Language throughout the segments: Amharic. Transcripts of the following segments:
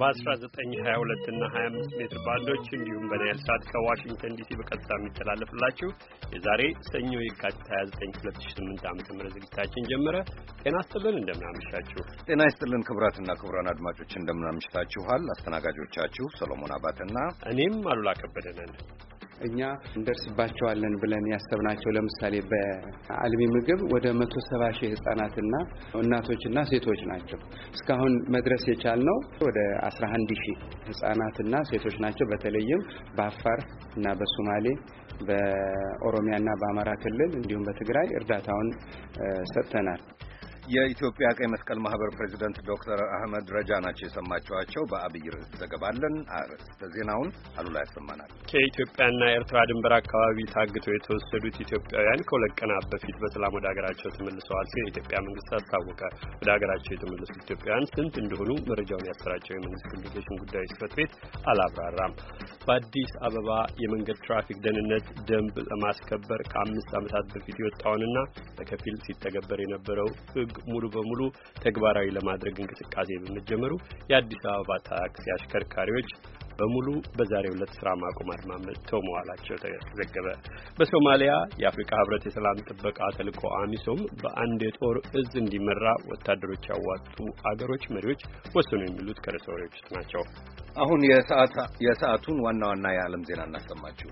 በ1922 እና 25 ሜትር ባንዶች እንዲሁም በናይል ሳት ከዋሽንግተን ዲሲ በቀጥታ የሚተላለፍላችሁ የዛሬ ሰኞ የካቲት 29 2008 ም ዝግጅታችን ጀመረ። ጤና ይስጥልን፣ እንደምናመሻችሁ። ጤና ይስጥልን ክቡራትና ክቡራን አድማጮች እንደምናመሽታችኋል። አስተናጋጆቻችሁ ሰሎሞን አባተና እኔም አሉላ ከበደ ነን። እኛ እንደርስባቸዋለን ብለን ያሰብናቸው ለምሳሌ በአልሚ ምግብ ወደ መቶ ሰባ ሺህ ህጻናትና እናቶችና ሴቶች ናቸው። እስካሁን መድረስ የቻልነው ወደ አስራ አንድ ሺህ ህጻናትና ሴቶች ናቸው። በተለይም በአፋር እና በሶማሌ በኦሮሚያና በአማራ ክልል እንዲሁም በትግራይ እርዳታውን ሰጥተናል። የኢትዮጵያ ቀይ መስቀል ማህበር ፕሬዚደንት ዶክተር አህመድ ረጃ ናቸው የሰማችኋቸው። በአብይ ርዕስ ዘገባለን አርዕስተ ዜናውን አሉላ ያሰማናል። ከኢትዮጵያና ኤርትራ ድንበር አካባቢ ታግተው የተወሰዱት ኢትዮጵያውያን ከሁለት ቀናት በፊት በሰላም ወደ ሀገራቸው ተመልሰዋል ሲል የኢትዮጵያ መንግስት አስታወቀ። ወደ ሀገራቸው የተመልሱ ኢትዮጵያውያን ስንት እንደሆኑ መረጃውን ያሰራጨው የመንግስት ኮሚኒኬሽን ጉዳዮች ጽህፈት ቤት አላብራራም። በአዲስ አበባ የመንገድ ትራፊክ ደህንነት ደንብ ለማስከበር ከአምስት ዓመታት በፊት የወጣውንና በከፊል ሲተገበር የነበረው ህግ ሙሉ በሙሉ ተግባራዊ ለማድረግ እንቅስቃሴ በመጀመሩ የአዲስ አበባ ታክሲ አሽከርካሪዎች በሙሉ በዛሬው ዕለት ስራ ማቆም አድማ መጥተው መዋላቸው ተዘገበ። በሶማሊያ የአፍሪካ ህብረት የሰላም ጥበቃ ተልእኮ አሚሶም በአንድ የጦር እዝ እንዲመራ ወታደሮች ያዋጡ አገሮች መሪዎች ወሰኑ። የሚሉት ከርዕሰ ወሬዎች ውስጥ ናቸው። አሁን የሰዓቱን ዋና ዋና የዓለም ዜና እናሰማችሁ።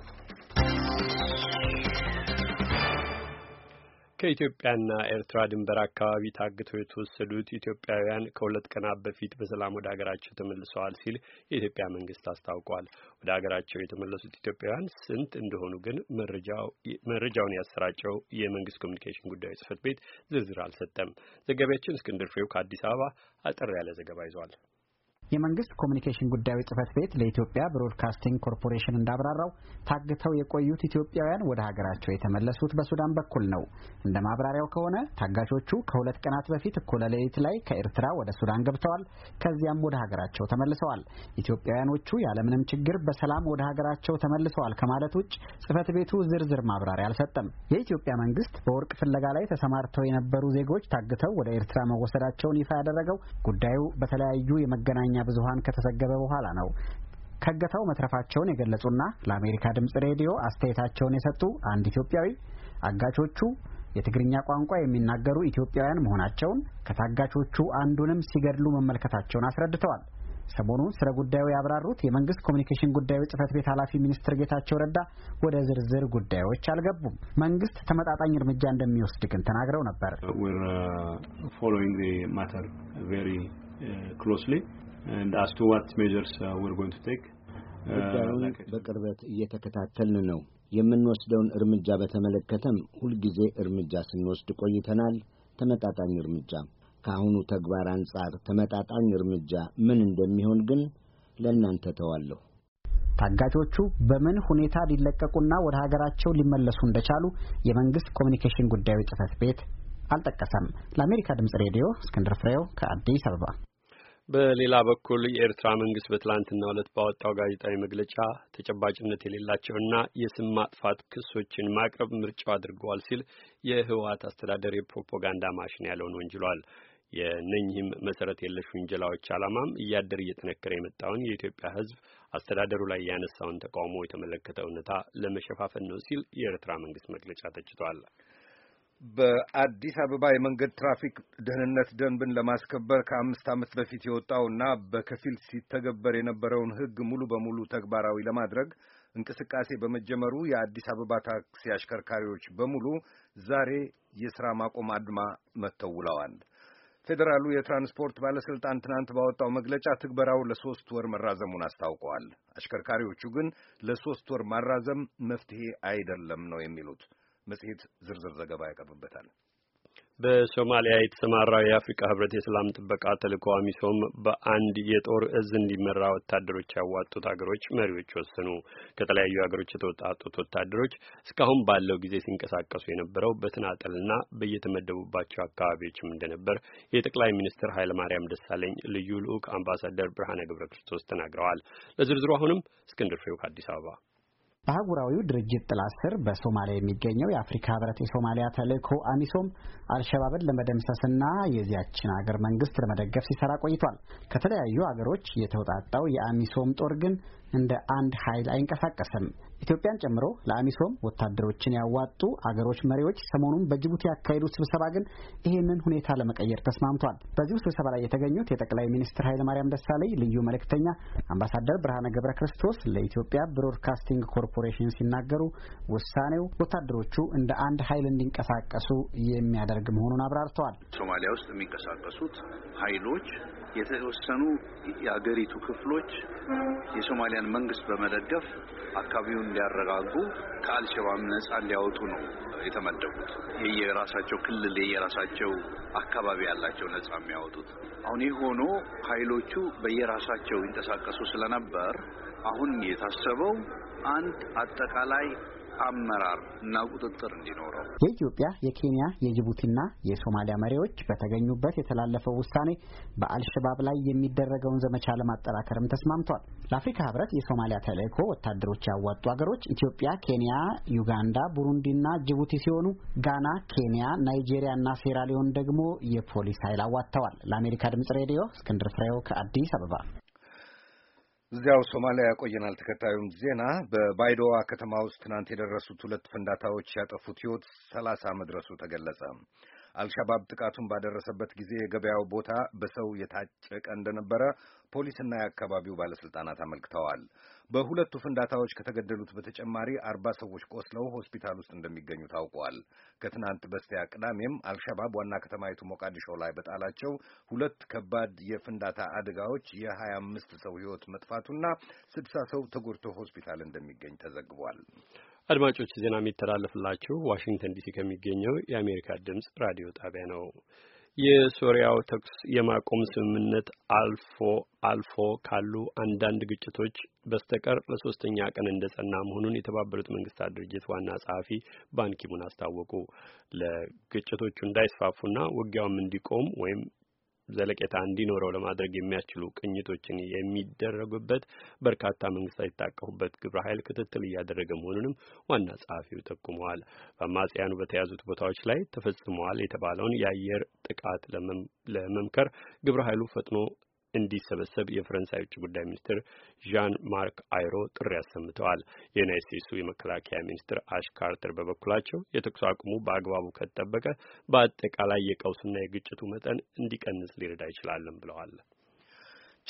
ከኢትዮጵያና ኤርትራ ድንበር አካባቢ ታግተው የተወሰዱት ኢትዮጵያውያን ከሁለት ቀናት በፊት በሰላም ወደ ሀገራቸው ተመልሰዋል ሲል የኢትዮጵያ መንግስት አስታውቋል። ወደ ሀገራቸው የተመለሱት ኢትዮጵያውያን ስንት እንደሆኑ ግን መረጃውን ያሰራጨው የመንግስት ኮሚኒኬሽን ጉዳዮች ጽህፈት ቤት ዝርዝር አልሰጠም። ዘጋቢያችን እስክንድር ፍሬው ከአዲስ አበባ አጠር ያለ ዘገባ ይዟል። የመንግስት ኮሚኒኬሽን ጉዳዮች ጽህፈት ቤት ለኢትዮጵያ ብሮድካስቲንግ ኮርፖሬሽን እንዳብራራው ታግተው የቆዩት ኢትዮጵያውያን ወደ ሀገራቸው የተመለሱት በሱዳን በኩል ነው። እንደ ማብራሪያው ከሆነ ታጋቾቹ ከሁለት ቀናት በፊት እኩለ ሌሊት ላይ ከኤርትራ ወደ ሱዳን ገብተዋል። ከዚያም ወደ ሀገራቸው ተመልሰዋል። ኢትዮጵያውያኖቹ ያለምንም ችግር በሰላም ወደ ሀገራቸው ተመልሰዋል ከማለት ውጭ ጽህፈት ቤቱ ዝርዝር ማብራሪያ አልሰጠም። የኢትዮጵያ መንግስት በወርቅ ፍለጋ ላይ ተሰማርተው የነበሩ ዜጎች ታግተው ወደ ኤርትራ መወሰዳቸውን ይፋ ያደረገው ጉዳዩ በተለያዩ የመገናኛ ብዙሀን ከተዘገበ በኋላ ነው። ከገታው መትረፋቸውን የገለጹና ለአሜሪካ ድምፅ ሬዲዮ አስተያየታቸውን የሰጡ አንድ ኢትዮጵያዊ አጋቾቹ የትግርኛ ቋንቋ የሚናገሩ ኢትዮጵያውያን መሆናቸውን ከታጋቾቹ አንዱንም ሲገድሉ መመልከታቸውን አስረድተዋል። ሰሞኑን ስለ ጉዳዩ ያብራሩት የመንግስት ኮሚኒኬሽን ጉዳዮች ጽህፈት ቤት ኃላፊ ሚኒስትር ጌታቸው ረዳ ወደ ዝርዝር ጉዳዮች አልገቡም። መንግስት ተመጣጣኝ እርምጃ እንደሚወስድ ግን ተናግረው ነበር። and as to what measures uh, we're going to take uh, ጉዳዩን በቅርበት እየተከታተልን ነው። የምንወስደውን እርምጃ በተመለከተም ሁልጊዜ እርምጃ ስንወስድ ቆይተናል። ተመጣጣኝ እርምጃ ከአሁኑ ተግባር አንጻር ተመጣጣኝ እርምጃ ምን እንደሚሆን ግን ለእናንተ ተዋለሁ። ታጋቾቹ በምን ሁኔታ ሊለቀቁና ወደ ሀገራቸው ሊመለሱ እንደቻሉ የመንግስት ኮሚኒኬሽን ጉዳዮች ጽህፈት ቤት አልጠቀሰም። ለአሜሪካ ድምጽ ሬዲዮ እስክንድር ፍሬው ከአዲስ አበባ በሌላ በኩል የኤርትራ መንግስት በትላንትናው ዕለት ባወጣው ጋዜጣዊ መግለጫ ተጨባጭነት የሌላቸውና የስም ማጥፋት ክሶችን ማቅረብ ምርጫው አድርገዋል ሲል የህወሀት አስተዳደር የፕሮፓጋንዳ ማሽን ያለውን ወንጅሏል። የነኝህም መሰረት የለሽ ውንጀላዎች ዓላማም እያደር እየጠነከረ የመጣውን የኢትዮጵያ ህዝብ አስተዳደሩ ላይ ያነሳውን ተቃውሞ የተመለከተ እውነታ ለመሸፋፈን ነው ሲል የኤርትራ መንግስት መግለጫ ተችቷል። በአዲስ አበባ የመንገድ ትራፊክ ደህንነት ደንብን ለማስከበር ከአምስት ዓመት በፊት የወጣውና በከፊል ሲተገበር የነበረውን ሕግ ሙሉ በሙሉ ተግባራዊ ለማድረግ እንቅስቃሴ በመጀመሩ የአዲስ አበባ ታክሲ አሽከርካሪዎች በሙሉ ዛሬ የሥራ ማቆም አድማ መተውለዋል። ፌዴራሉ የትራንስፖርት ባለስልጣን ትናንት ባወጣው መግለጫ ትግበራው ለሶስት ወር መራዘሙን አስታውቀዋል። አሽከርካሪዎቹ ግን ለሶስት ወር ማራዘም መፍትሄ አይደለም ነው የሚሉት። መጽሔት ዝርዝር ዘገባ ያቀርብበታል። በሶማሊያ የተሰማራው የአፍሪካ ህብረት የሰላም ጥበቃ ተልእኮ አሚሶም በአንድ የጦር እዝ እንዲመራ ወታደሮች ያዋጡት ሀገሮች መሪዎች ወሰኑ። ከተለያዩ ሀገሮች የተወጣጡት ወታደሮች እስካሁን ባለው ጊዜ ሲንቀሳቀሱ የነበረው በተናጠልና በየተመደቡባቸው አካባቢዎችም እንደነበር የጠቅላይ ሚኒስትር ኃይለማርያም ደሳለኝ ልዩ ልዑክ አምባሳደር ብርሃነ ገብረ ክርስቶስ ተናግረዋል። ለዝርዝሩ አሁንም እስክንድር ፍሬው ከአዲስ አበባ በአህጉራዊው ድርጅት ጥላ ስር በሶማሊያ የሚገኘው የአፍሪካ ህብረት የሶማሊያ ተልእኮ አሚሶም አልሸባብን ለመደምሰስና የዚያችን አገር መንግስት ለመደገፍ ሲሰራ ቆይቷል። ከተለያዩ አገሮች የተውጣጣው የአሚሶም ጦር ግን እንደ አንድ ኃይል አይንቀሳቀስም። ኢትዮጵያን ጨምሮ ለአሚሶም ወታደሮችን ያዋጡ አገሮች መሪዎች ሰሞኑን በጅቡቲ ያካሄዱት ስብሰባ ግን ይህንን ሁኔታ ለመቀየር ተስማምቷል። በዚሁ ስብሰባ ላይ የተገኙት የጠቅላይ ሚኒስትር ኃይለማርያም ደሳለኝ ልዩ መልእክተኛ አምባሳደር ብርሃነ ገብረ ክርስቶስ ለኢትዮጵያ ብሮድካስቲንግ ኮርፖሬሽን ሲናገሩ ውሳኔው ወታደሮቹ እንደ አንድ ኃይል እንዲንቀሳቀሱ የሚያደርግ መሆኑን አብራርተዋል። ሶማሊያ ውስጥ የሚንቀሳቀሱት ኃይሎች የተወሰኑ የአገሪቱ ክፍሎች የሶማሊያን መንግስት በመደገፍ አካባቢውን እንዲያረጋጉ ከአልሸባብ ነጻ እንዲያወጡ ነው የተመደቡት። የየራሳቸው ክልል የየራሳቸው አካባቢ ያላቸው ነጻ የሚያወጡት። አሁን ይህ ሆኖ ኃይሎቹ በየራሳቸው ይንቀሳቀሱ ስለነበር አሁን የታሰበው አንድ አጠቃላይ አመራር እና ቁጥጥር እንዲኖረው የኢትዮጵያ፣ የኬንያ፣ የጅቡቲና የሶማሊያ መሪዎች በተገኙበት የተላለፈው ውሳኔ በአልሸባብ ላይ የሚደረገውን ዘመቻ ለማጠናከርም ተስማምቷል። ለአፍሪካ ህብረት የሶማሊያ ተልእኮ ወታደሮች ያዋጡ ሀገሮች ኢትዮጵያ፣ ኬንያ፣ ዩጋንዳ፣ ቡሩንዲና ጅቡቲ ሲሆኑ ጋና፣ ኬንያ፣ ና ሴራሊዮን ደግሞ የፖሊስ ኃይል አዋጥተዋል። ለአሜሪካ ድምጽ ሬዲዮ እስክንድር ፍሬው ከአዲስ አበባ እዚያው ሶማሊያ ያቆየናል። ተከታዩም ዜና በባይዶዋ ከተማ ውስጥ ትናንት የደረሱት ሁለት ፍንዳታዎች ያጠፉት ሕይወት ሰላሳ መድረሱ ተገለጸ። አልሻባብ ጥቃቱን ባደረሰበት ጊዜ የገበያው ቦታ በሰው የታጨቀ እንደነበረ ፖሊስና የአካባቢው ባለስልጣናት አመልክተዋል። በሁለቱ ፍንዳታዎች ከተገደሉት በተጨማሪ አርባ ሰዎች ቆስለው ሆስፒታል ውስጥ እንደሚገኙ ታውቋል። ከትናንት በስቲያ ቅዳሜም አልሸባብ ዋና ከተማይቱ ሞቃዲሾ ላይ በጣላቸው ሁለት ከባድ የፍንዳታ አደጋዎች የሀያ አምስት ሰው ህይወት መጥፋቱና ስድሳ ሰው ተጎድቶ ሆስፒታል እንደሚገኝ ተዘግቧል። አድማጮች ዜና የሚተላለፍላችሁ ዋሽንግተን ዲሲ ከሚገኘው የአሜሪካ ድምፅ ራዲዮ ጣቢያ ነው። የሶሪያው ተኩስ የማቆም ስምምነት አልፎ አልፎ ካሉ አንዳንድ ግጭቶች በስተቀር ለሶስተኛ ቀን እንደጸና መሆኑን የተባበሩት መንግስታት ድርጅት ዋና ጸሐፊ ባንኪሙን አስታወቁ። ለግጭቶቹ እንዳይስፋፉና ውጊያውም እንዲቆም ወይም ዘለቄታ እንዲኖረው ለማድረግ የሚያስችሉ ቅኝቶችን የሚደረጉበት በርካታ መንግስታት የታቀፉበት ግብረ ኃይል ክትትል እያደረገ መሆኑንም ዋና ጸሐፊው ጠቁመዋል። በአማጽያኑ በተያዙት ቦታዎች ላይ ተፈጽመዋል የተባለውን የአየር ጥቃት ለመምከር ግብረ ኃይሉ ፈጥኖ እንዲሰበሰብ የፈረንሳይ ውጭ ጉዳይ ሚኒስትር ዣን ማርክ አይሮ ጥሪ አሰምተዋል። የዩናይት ስቴትሱ የመከላከያ ሚኒስትር አሽ ካርተር በበኩላቸው የተኩስ አቁሙ በአግባቡ ከተጠበቀ በአጠቃላይ የቀውስና የግጭቱ መጠን እንዲቀንስ ሊረዳ ይችላለን ብለዋል።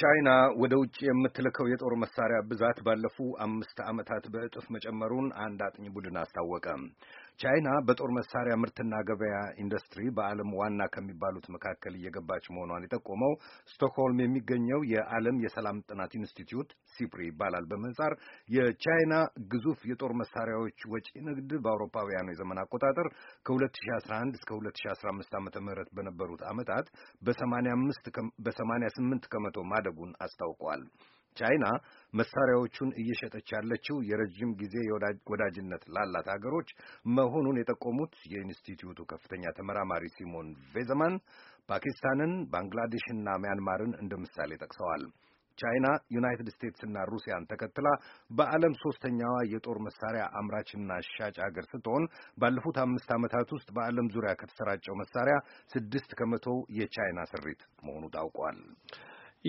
ቻይና ወደ ውጭ የምትልከው የጦር መሳሪያ ብዛት ባለፉ አምስት ዓመታት በእጥፍ መጨመሩን አንድ አጥኚ ቡድን አስታወቀ። ቻይና በጦር መሳሪያ ምርትና ገበያ ኢንዱስትሪ በዓለም ዋና ከሚባሉት መካከል እየገባች መሆኗን የጠቆመው ስቶክሆልም የሚገኘው የዓለም የሰላም ጥናት ኢንስቲትዩት ሲፕሪ ይባላል በምህጻር። የቻይና ግዙፍ የጦር መሳሪያዎች ወጪ ንግድ በአውሮፓውያኑ የዘመን አቆጣጠር ከ2011 እስከ 2015 ዓ ም በነበሩት ዓመታት በ88 ከመቶ ማደጉን አስታውቋል። ቻይና መሳሪያዎቹን እየሸጠች ያለችው የረጅም ጊዜ ወዳጅነት ላላት ሀገሮች መሆኑን የጠቆሙት የኢንስቲትዩቱ ከፍተኛ ተመራማሪ ሲሞን ቬዘማን ፓኪስታንን፣ ባንግላዴሽና ሚያንማርን እንደ ምሳሌ ጠቅሰዋል። ቻይና ዩናይትድ ስቴትስና ሩሲያን ተከትላ በዓለም ሶስተኛዋ የጦር መሳሪያ አምራችና ሻጭ ሀገር ስትሆን ባለፉት አምስት ዓመታት ውስጥ በዓለም ዙሪያ ከተሰራጨው መሳሪያ ስድስት ከመቶው የቻይና ስሪት መሆኑ ታውቋል።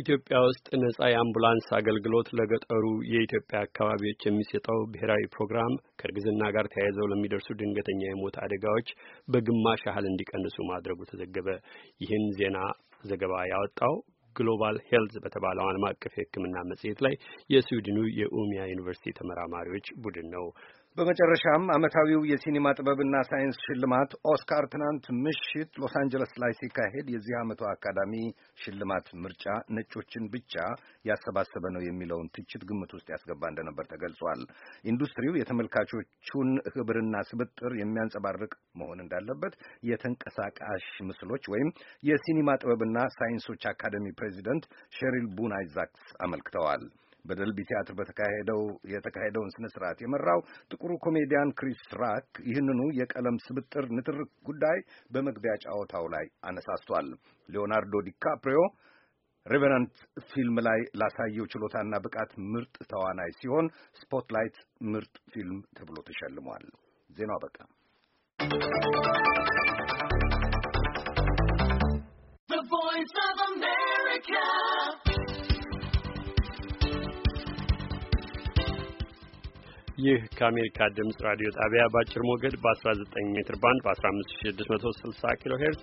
ኢትዮጵያ ውስጥ ነጻ የአምቡላንስ አገልግሎት ለገጠሩ የኢትዮጵያ አካባቢዎች የሚሰጠው ብሔራዊ ፕሮግራም ከእርግዝና ጋር ተያይዘው ለሚደርሱ ድንገተኛ የሞት አደጋዎች በግማሽ ያህል እንዲቀንሱ ማድረጉ ተዘገበ። ይህን ዜና ዘገባ ያወጣው ግሎባል ሄልዝ በተባለው ዓለም አቀፍ የሕክምና መጽሔት ላይ የስዊድኑ የኡሚያ ዩኒቨርሲቲ ተመራማሪዎች ቡድን ነው። በመጨረሻም ዓመታዊው የሲኒማ ጥበብና ሳይንስ ሽልማት ኦስካር ትናንት ምሽት ሎስ አንጀለስ ላይ ሲካሄድ የዚህ ዓመቱ አካዳሚ ሽልማት ምርጫ ነጮችን ብቻ ያሰባሰበ ነው የሚለውን ትችት ግምት ውስጥ ያስገባ እንደነበር ተገልጿል። ኢንዱስትሪው የተመልካቾቹን ህብርና ስብጥር የሚያንጸባርቅ መሆን እንዳለበት የተንቀሳቃሽ ምስሎች ወይም የሲኒማ ጥበብና ሳይንሶች አካደሚ ፕሬዚደንት ሼሪል ቡን አይዛክስ አመልክተዋል። በደልቢ ቲያትር በተካሄደው የተካሄደውን ስነ ስርዓት የመራው ጥቁሩ ኮሜዲያን ክሪስ ራክ ይህንኑ የቀለም ስብጥር ንትርክ ጉዳይ በመግቢያ ጫወታው ላይ አነሳስቷል። ሊዮናርዶ ዲካፕሪዮ ሬቨናንት ፊልም ላይ ላሳየው ችሎታና ብቃት ምርጥ ተዋናይ ሲሆን ስፖትላይት ምርጥ ፊልም ተብሎ ተሸልሟል። ዜናው አበቃ። The Voice of America ይህ ከአሜሪካ ድምፅ ራዲዮ ጣቢያ በአጭር ሞገድ በ19 ሜትር ባንድ በ15660 ኪሎ ሄርዝ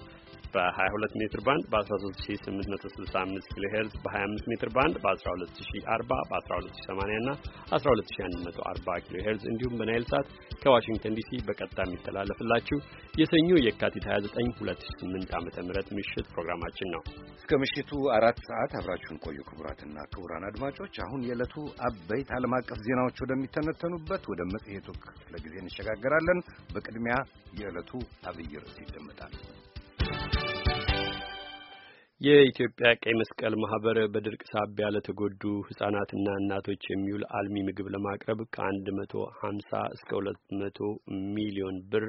በ22 ሜትር ባንድ በ13865 ኪሎ ሄርዝ በ25 ሜትር ባንድ በ12040 በ12080 እና 12140 ኪሎ ሄርዝ እንዲሁም በናይል ሳት ከዋሽንግተን ዲሲ በቀጥታ የሚተላለፍላችሁ የሰኞ የካቲት 29 2008 ዓ.ም ምሽት ፕሮግራማችን ነው። እስከ ምሽቱ አራት ሰዓት አብራችሁን ቆዩ። ክቡራትና ክቡራን አድማጮች አሁን የዕለቱ አበይት ዓለም አቀፍ ዜናዎች ወደሚተነተኑበት ወደ መጽሔቱ ክፍለ ጊዜ እንሸጋገራለን። በቅድሚያ የዕለቱ አብይ ርዕስ ይደመጣል። የኢትዮጵያ ቀይ መስቀል ማህበር በድርቅ ሳቢያ ለተጎዱ ህጻናትና እናቶች የሚውል አልሚ ምግብ ለማቅረብ ከአንድ መቶ ሀምሳ እስከ ሁለት መቶ ሚሊዮን ብር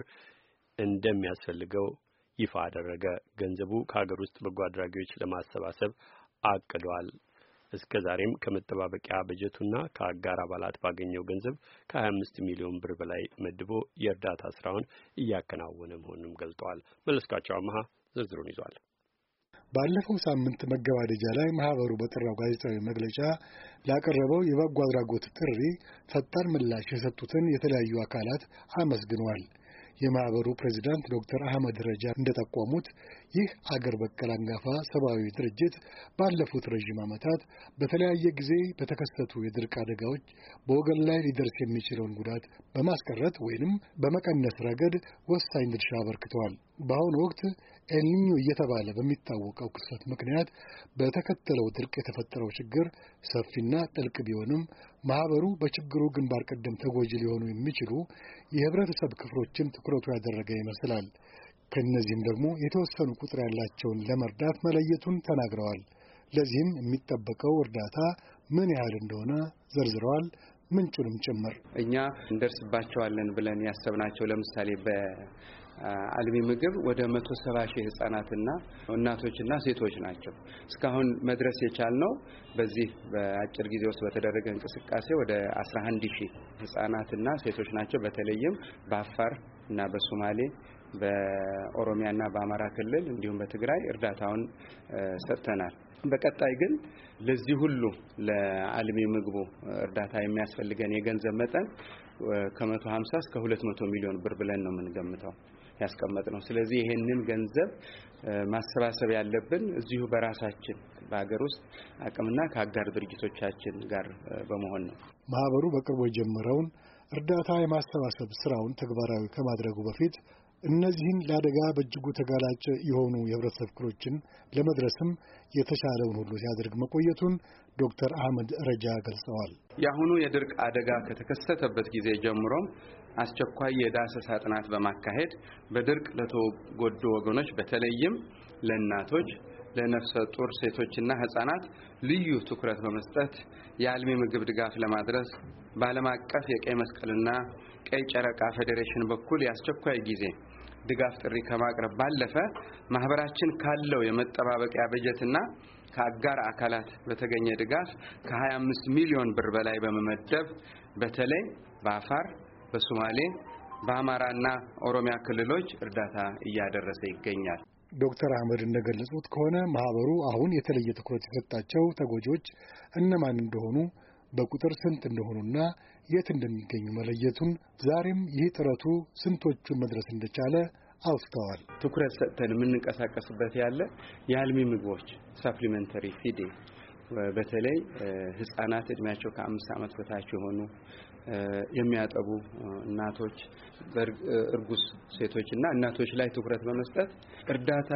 እንደሚያስፈልገው ይፋ አደረገ። ገንዘቡ ከሀገር ውስጥ በጎ አድራጊዎች ለማሰባሰብ አቅዷል። እስከ ዛሬም ከመጠባበቂያ በጀቱና ከአጋር አባላት ባገኘው ገንዘብ ከ25 ሚሊዮን ብር በላይ መድቦ የእርዳታ ስራውን እያከናወነ መሆኑንም ገልጠዋል። መለስካቸው አመሃ ዝርዝሩን ይዟል። ባለፈው ሳምንት መገባደጃ ላይ ማህበሩ በጠራው ጋዜጣዊ መግለጫ ላቀረበው የበጎ አድራጎት ጥሪ ፈጣን ምላሽ የሰጡትን የተለያዩ አካላት አመስግኗል። የማህበሩ ፕሬዚዳንት ዶክተር አህመድ ረጃ እንደጠቆሙት ይህ አገር በቀል አንጋፋ ሰብአዊ ድርጅት ባለፉት ረዥም ዓመታት በተለያየ ጊዜ በተከሰቱ የድርቅ አደጋዎች በወገን ላይ ሊደርስ የሚችለውን ጉዳት በማስቀረት ወይንም በመቀነስ ረገድ ወሳኝ ድርሻ አበርክተዋል። በአሁኑ ወቅት ኤልኒኞ እየተባለ በሚታወቀው ክስተት ምክንያት በተከተለው ድርቅ የተፈጠረው ችግር ሰፊና ጥልቅ ቢሆንም ማህበሩ በችግሩ ግንባር ቀደም ተጎጂ ሊሆኑ የሚችሉ የህብረተሰብ ክፍሎችን ትኩረቱ ያደረገ ይመስላል። ከእነዚህም ደግሞ የተወሰኑ ቁጥር ያላቸውን ለመርዳት መለየቱን ተናግረዋል። ለዚህም የሚጠበቀው እርዳታ ምን ያህል እንደሆነ ዘርዝረዋል። ምንጩንም ጭምር እኛ እንደርስባቸዋለን ብለን ያሰብናቸው ለምሳሌ በአልሚ ምግብ ወደ መቶ ሰባ ሺህ ህጻናትና እናቶችና ሴቶች ናቸው። እስካሁን መድረስ የቻልነው በዚህ በአጭር ጊዜ ውስጥ በተደረገ እንቅስቃሴ ወደ አንድ ሺህ ህጻናትና ሴቶች ናቸው። በተለይም በአፋር እና በሶማሌ በኦሮሚያና በአማራ ክልል እንዲሁም በትግራይ እርዳታውን ሰጥተናል። በቀጣይ ግን ለዚህ ሁሉ ለአልሚ ምግቡ እርዳታ የሚያስፈልገን የገንዘብ መጠን ከ ሀምሳ እስከ መቶ ሚሊዮን ብር ብለን ነው የምንገምተው ነው። ስለዚህ ይሄንን ገንዘብ ማሰባሰብ ያለብን እዚሁ በራሳችን በሀገር ውስጥ አቅምና ከአጋር ድርጅቶቻችን ጋር በመሆን ነው። ማህበሩ በቅርቡ የጀመረውን እርዳታ የማሰባሰብ ስራውን ተግባራዊ ከማድረጉ በፊት እነዚህን ለአደጋ በእጅጉ ተጋላጭ የሆኑ የህብረተሰብ ክፍሎችን ለመድረስም የተሻለውን ሁሉ ሲያደርግ መቆየቱን ዶክተር አህመድ ረጃ ገልጸዋል። የአሁኑ የድርቅ አደጋ ከተከሰተበት ጊዜ ጀምሮም አስቸኳይ የዳሰሳ ጥናት በማካሄድ በድርቅ ለተጎዱ ወገኖች በተለይም ለእናቶች፣ ለነፍሰ ጡር ሴቶችና ህጻናት ልዩ ትኩረት በመስጠት የአልሚ ምግብ ድጋፍ ለማድረስ በዓለም አቀፍ የቀይ መስቀልና ቀይ ጨረቃ ፌዴሬሽን በኩል የአስቸኳይ ጊዜ ድጋፍ ጥሪ ከማቅረብ ባለፈ ማህበራችን ካለው የመጠባበቂያ በጀትና ከአጋር አካላት በተገኘ ድጋፍ ከ25 ሚሊዮን ብር በላይ በመመደብ በተለይ በአፋር፣ በሶማሌ፣ በአማራና ኦሮሚያ ክልሎች እርዳታ እያደረሰ ይገኛል። ዶክተር አህመድ እንደገለጹት ከሆነ ማህበሩ አሁን የተለየ ትኩረት የሰጣቸው ተጎጂዎች እነማን እንደሆኑ በቁጥር ስንት እንደሆኑና የት እንደሚገኙ መለየቱን፣ ዛሬም ይህ ጥረቱ ስንቶቹን መድረስ እንደቻለ አውስተዋል። ትኩረት ሰጥተን የምንንቀሳቀስበት ያለ የአልሚ ምግቦች ሳፕሊመንተሪ ፊዴ በተለይ ህጻናት እድሜያቸው ከአምስት ዓመት በታች የሆኑ የሚያጠቡ እናቶች ሴቶች እና እናቶች ላይ ትኩረት በመስጠት እርዳታ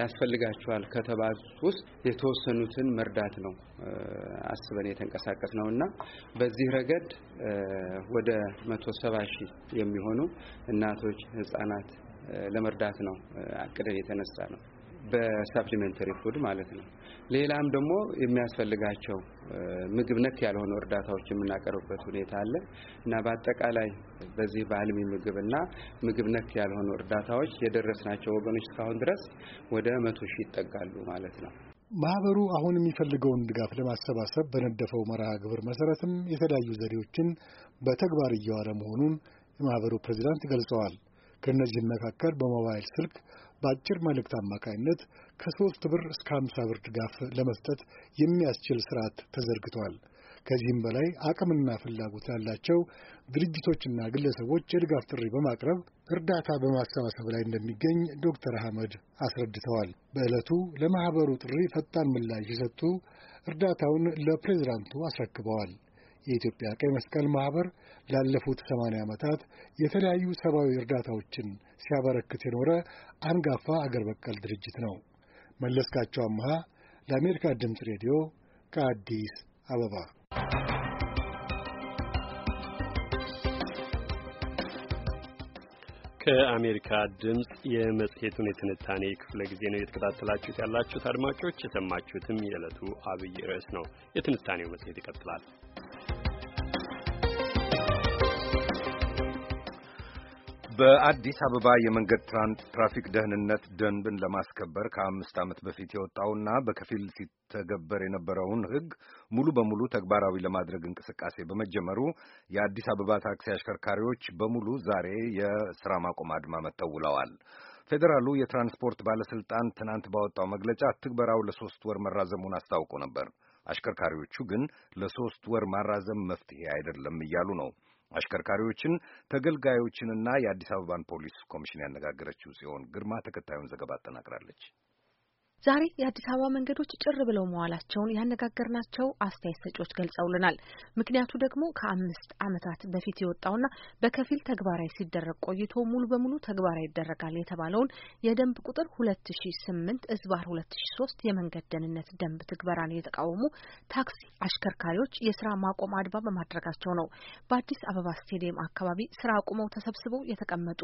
ያስፈልጋቸዋል ከተባሉት ውስጥ የተወሰኑትን መርዳት ነው አስበን የተንቀሳቀስ ነው እና በዚህ ረገድ ወደ መቶ ሰባ ሺህ የሚሆኑ እናቶች፣ ህጻናት ለመርዳት ነው አቅደን የተነሳ ነው። በሳፕሊመንተሪ ፉድ ማለት ነው። ሌላም ደግሞ የሚያስፈልጋቸው ምግብ ነክ ያልሆኑ እርዳታዎች የምናቀርብበት ሁኔታ አለ እና በአጠቃላይ በዚህ በአልሚ ምግብ እና ምግብ ነክ ያልሆኑ እርዳታዎች የደረስናቸው ወገኖች እስካሁን ድረስ ወደ መቶ ሺህ ይጠጋሉ ማለት ነው። ማህበሩ አሁን የሚፈልገውን ድጋፍ ለማሰባሰብ በነደፈው መርሃ ግብር መሰረትም የተለያዩ ዘዴዎችን በተግባር እየዋለ መሆኑን የማህበሩ ፕሬዚዳንት ገልጸዋል። ከእነዚህም መካከል በሞባይል ስልክ በአጭር መልእክት አማካይነት ከሦስት ብር እስከ አምሳ ብር ድጋፍ ለመስጠት የሚያስችል ስርዓት ተዘርግቷል። ከዚህም በላይ አቅምና ፍላጎት ያላቸው ድርጅቶችና ግለሰቦች የድጋፍ ጥሪ በማቅረብ እርዳታ በማሰባሰብ ላይ እንደሚገኝ ዶክተር አህመድ አስረድተዋል። በዕለቱ ለማኅበሩ ጥሪ ፈጣን ምላሽ የሰጡ እርዳታውን ለፕሬዚዳንቱ አስረክበዋል። የኢትዮጵያ ቀይ መስቀል ማኅበር ላለፉት ሰማንያ ዓመታት የተለያዩ ሰብአዊ እርዳታዎችን ሲያበረክት የኖረ አንጋፋ አገር በቀል ድርጅት ነው። መለስካቸው አምሃ ለአሜሪካ ድምፅ ሬዲዮ ከአዲስ አበባ ከአሜሪካ ድምፅ የመጽሔቱን የትንታኔ ክፍለ ጊዜ ነው የተከታተላችሁት ያላችሁት አድማጮች። የሰማችሁትም የዕለቱ አብይ ርዕስ ነው። የትንታኔው መጽሔት ይቀጥላል። በአዲስ አበባ የመንገድ ትራፊክ ደህንነት ደንብን ለማስከበር ከአምስት ዓመት በፊት የወጣውና በከፊል ሲተገበር የነበረውን ሕግ ሙሉ በሙሉ ተግባራዊ ለማድረግ እንቅስቃሴ በመጀመሩ የአዲስ አበባ ታክሲ አሽከርካሪዎች በሙሉ ዛሬ የሥራ ማቆም አድማ መተውለዋል። ፌዴራሉ የትራንስፖርት ባለስልጣን ትናንት ባወጣው መግለጫ ትግበራው ለሶስት ወር መራዘሙን አስታውቆ ነበር። አሽከርካሪዎቹ ግን ለሶስት ወር ማራዘም መፍትሄ አይደለም እያሉ ነው። አሽከርካሪዎችን፣ ተገልጋዮችንና የአዲስ አበባን ፖሊስ ኮሚሽን ያነጋገረችው ሲሆን ግርማ ተከታዩን ዘገባ አጠናቅራለች። ዛሬ የአዲስ አበባ መንገዶች ጭር ብለው መዋላቸውን ያነጋገርናቸው አስተያየት ሰጪዎች ገልጸውልናል። ምክንያቱ ደግሞ ከአምስት ዓመታት በፊት የወጣውና በከፊል ተግባራዊ ሲደረግ ቆይቶ ሙሉ በሙሉ ተግባራዊ ይደረጋል የተባለውን የደንብ ቁጥር ሁለት ሺ ስምንት እዝባር ሁለት ሺ ሶስት የመንገድ ደህንነት ደንብ ትግበራን የተቃወሙ ታክሲ አሽከርካሪዎች የስራ ማቆም አድማ በማድረጋቸው ነው። በአዲስ አበባ ስቴዲየም አካባቢ ስራ አቁመው ተሰብስበው የተቀመጡ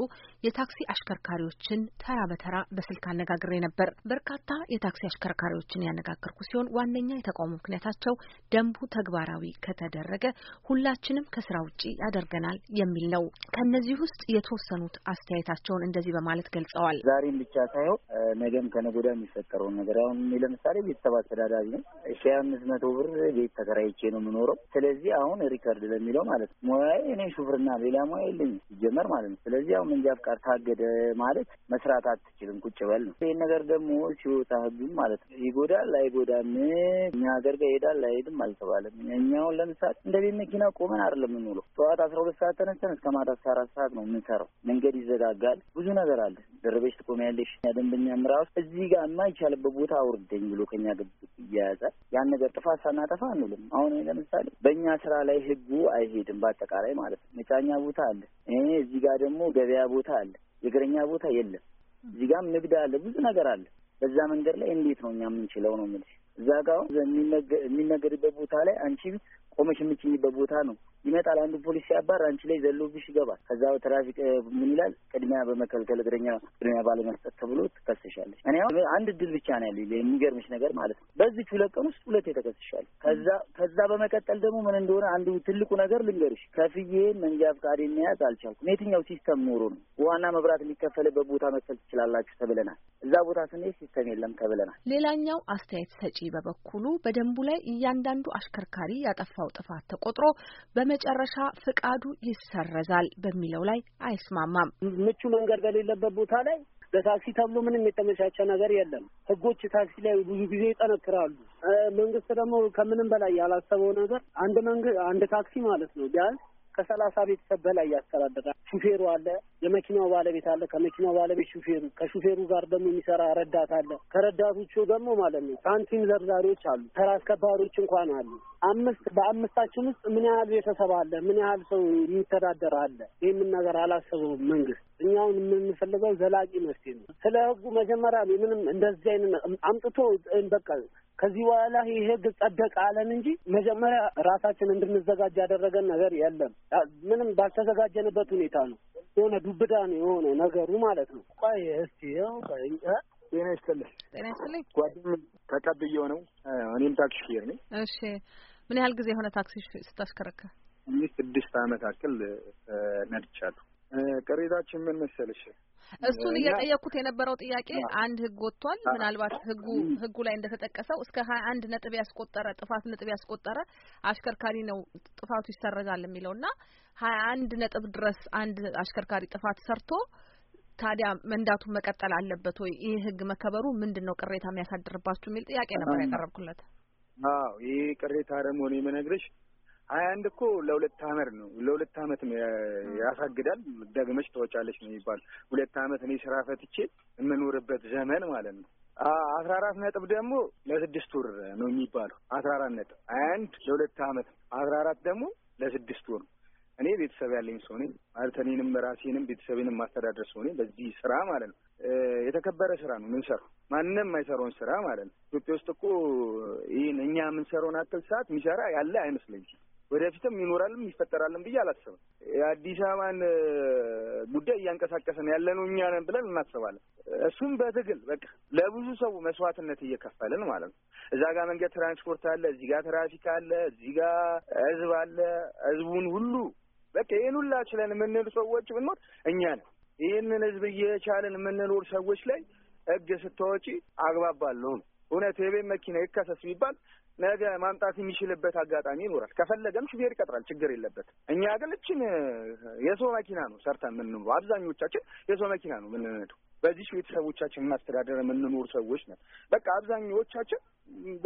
የታክሲ አሽከርካሪዎችን ተራ በተራ በስልክ አነጋግሬ ነበር። በርካታ የታክሲ አሽከርካሪዎችን ያነጋገርኩ ሲሆን ዋነኛ የተቃውሞ ምክንያታቸው ደንቡ ተግባራዊ ከተደረገ ሁላችንም ከስራ ውጪ ያደርገናል የሚል ነው። ከእነዚህ ውስጥ የተወሰኑት አስተያየታቸውን እንደዚህ በማለት ገልጸዋል። ዛሬም ብቻ ሳይሆን ነገም ከነገ ወዲያ የሚፈጠረውን ነገር አሁን ለምሳሌ ቤተሰብ አስተዳዳሪ ነው። ሺ አምስት መቶ ብር ቤት ተከራይቼ ነው የምኖረው። ስለዚህ አሁን ሪከርድ ለሚለው ማለት ነው ሙያ እኔ ሹፍርና ሌላ ሙያ የለኝ ሲጀመር ማለት ነው። ስለዚህ አሁን መንጃ ፍቃድ ታገደ ማለት መስራት አትችልም፣ ቁጭ በል ነው። ይህን ነገር ደግሞ ሲወጣ ህጉም ማለት ነው። ይጎዳል አይጎዳም፣ እኛ ሀገር ጋር ይሄዳል አይሄድም አልተባለም። እኛውን ለምሳሌ እንደ ቤት መኪና ቆመን አይደለም የምንውለው። ጠዋት አስራ ሁለት ሰዓት ተነስተን እስከ ማታ አስራ አራት ሰዓት ነው የምንሰራው። መንገድ ይዘጋጋል፣ ብዙ ነገር አለ። ደረበሽ ትቆሚያለሽ። ደንበኛ ምራሱ እዚህ ጋር ይቻልበት ቦታ አውርደኝ ብሎ ከኛ ግብት እያያዛል። ያን ነገር ጥፋት ሳናጠፋ አንውልም። አሁን ለምሳሌ በእኛ ስራ ላይ ህጉ አይሄድም፣ በአጠቃላይ ማለት ነው። መጫኛ ቦታ አለ፣ እዚህ ጋር ደግሞ ገበያ ቦታ አለ፣ የእግረኛ ቦታ የለም። እዚህ ጋም ንግድ አለ፣ ብዙ ነገር አለ። በዛ መንገድ ላይ እንዴት ነው እኛ የምንችለው ነው የምልሽ። እዛ ጋ የሚነገርበት ቦታ ላይ አንቺ ቆመሽ የምችኝበት ቦታ ነው ይመጣል። አንዱ ፖሊስ ሲያባር አንቺ ላይ ዘሎብሽ ይገባል። ከዛ ትራፊክ ምን ይላል? ቅድሚያ በመከልከል እግረኛ ቅድሚያ ባለመስጠት ተብሎ ትከስሻለች። እኔ አንድ እድል ብቻ ነው ያለ የሚገርምሽ ነገር ማለት ነው። በዚች ሁለት ቀን ውስጥ ሁለት የተከስሻለሁ። ከዛ ከዛ በመቀጠል ደግሞ ምን እንደሆነ አንዱ ትልቁ ነገር ልንገርሽ፣ ከፍዬ መንጃ ፍቃድ መያዝ አልቻልኩም። የትኛው ሲስተም ኖሮ ነው ዋና መብራት የሚከፈልበት ቦታ መክፈል ትችላላችሁ ተብለናል። እዛ ቦታ ስንሄድ ሲስተም የለም ተብለናል። ሌላኛው አስተያየት ሰጪ በበኩሉ በደንቡ ላይ እያንዳንዱ አሽከርካሪ ያጠፋው ጥፋት ተቆጥሮ በመ በመጨረሻ ፍቃዱ ይሰረዛል በሚለው ላይ አይስማማም። ምቹ መንገድ በሌለበት ቦታ ላይ ለታክሲ ተብሎ ምንም የተመቻቸ ነገር የለም። ህጎች ታክሲ ላይ ብዙ ጊዜ ይጠነክራሉ። መንግስት ደግሞ ከምንም በላይ ያላሰበው ነገር አንድ መንግ አንድ ታክሲ ማለት ነው ቢያንስ ከሰላሳ ቤተሰብ በላይ ያስተዳድራል። ሹፌሩ አለ፣ የመኪናው ባለቤት አለ፣ ከመኪናው ባለቤት ሹፌሩ፣ ከሹፌሩ ጋር ደግሞ የሚሰራ ረዳት አለ። ከረዳቶቹ ደግሞ ማለት ነው ሳንቲም ዘርዛሪዎች አሉ፣ ተራ አስከባሪዎች እንኳን አሉ። አምስት በአምስታችን ውስጥ ምን ያህል ቤተሰብ አለ? ምን ያህል ሰው የሚተዳደር አለ? ይህምን ነገር አላሰበውም መንግስት። እኛውን የምንፈልገው ዘላቂ መፍትሄ ነው። ስለ ህጉ መጀመሪያ ምንም እንደዚህ አይነት አምጥቶ በቃ ከዚህ በኋላ ይህ ህግ ጸደቀ አለን እንጂ መጀመሪያ ራሳችን እንድንዘጋጅ ያደረገን ነገር የለም። ምንም ባልተዘጋጀንበት ሁኔታ ነው የሆነ ዱብዳ ነው የሆነ ነገሩ ማለት ነው። ቆይ እስቲ ው ጤና ይስጥልኝ። ጤና ይስጥልኝ። ጓደኛዬ ተቀብዬው ነው። እኔም ታክሲ ሹፌር ነኝ። እሺ፣ ምን ያህል ጊዜ የሆነ ታክሲ ስታሽከረከር? እኔ ስድስት አመት አክል ነድቻለሁ። ቅሬታችን ምን መሰልሽ እሱን እየጠየቅኩት የነበረው ጥያቄ አንድ ህግ ወጥቷል። ምናልባት ህጉ ህጉ ላይ እንደተጠቀሰው እስከ ሀያ አንድ ነጥብ ያስቆጠረ ጥፋት ነጥብ ያስቆጠረ አሽከርካሪ ነው ጥፋቱ ይሰረዛል የሚለውና ሀያ አንድ ነጥብ ድረስ አንድ አሽከርካሪ ጥፋት ሰርቶ ታዲያ መንዳቱን መቀጠል አለበት ወይ? ይህ ህግ መከበሩ ምንድን ነው ቅሬታ የሚያሳድርባችሁ የሚል ጥያቄ ነበር ያቀረብኩለት። አዎ ይህ ቅሬታ ደግሞ ነው የምነግርሽ ሀያ አንድ እኮ ለሁለት አመት ነው ለሁለት አመት ያሳግዳል። ደግመሽ ተወጫለች ነው የሚባል። ሁለት አመት እኔ ስራ ፈትቼ የምኖርበት ዘመን ማለት ነው። አስራ አራት ነጥብ ደግሞ ለስድስት ወር ነው የሚባለው። አስራ አራት ነጥብ ሀያ አንድ ለሁለት አመት አስራ አራት ደግሞ ለስድስት ወር እኔ ቤተሰብ ያለኝ ሰው ነኝ ማለት እኔንም ራሴንም ቤተሰብንም ማስተዳደር ሰው ነኝ። በዚህ ስራ ማለት ነው የተከበረ ስራ ነው የምንሰራው፣ ማንም የማይሰራውን ስራ ማለት ነው። ኢትዮጵያ ውስጥ እኮ ይህን እኛ የምንሰራውን አክል ሰዓት የሚሰራ ያለ አይመስለኝም። ወደፊትም ይኖራልም ይፈጠራልም ብዬ አላስብም። የአዲስ አበባን ጉዳይ እያንቀሳቀሰን ያለነው እኛ ነን ብለን እናስባለን። እሱም በትግል በቃ ለብዙ ሰው መስዋዕትነት እየከፈልን ማለት ነው። እዛ ጋር መንገድ ትራንስፖርት አለ፣ እዚህ ጋር ትራፊክ አለ፣ እዚህ ጋር ህዝብ አለ። ህዝቡን ሁሉ በቃ ይህን ሁላ ችለን የምንል ሰዎች ብንኖር እኛ ነን። ይህንን ህዝብ እየቻለን የምንኖር ሰዎች ላይ ህግ ስታወጪ አግባብ ነው እውነት የቤት መኪና ይከሰስ ቢባል ነገ ማምጣት የሚችልበት አጋጣሚ ይኖራል። ከፈለገም ሹፌር ይቀጥራል፣ ችግር የለበት። እኛ ግን እችን የሰው መኪና ነው ሰርተን የምንኖረው። አብዛኞቻችን የሰው መኪና ነው የምንነዱ። በዚህ ቤተሰቦቻችን ማስተዳደር የምንኖር ሰዎች ነን። በቃ አብዛኛዎቻችን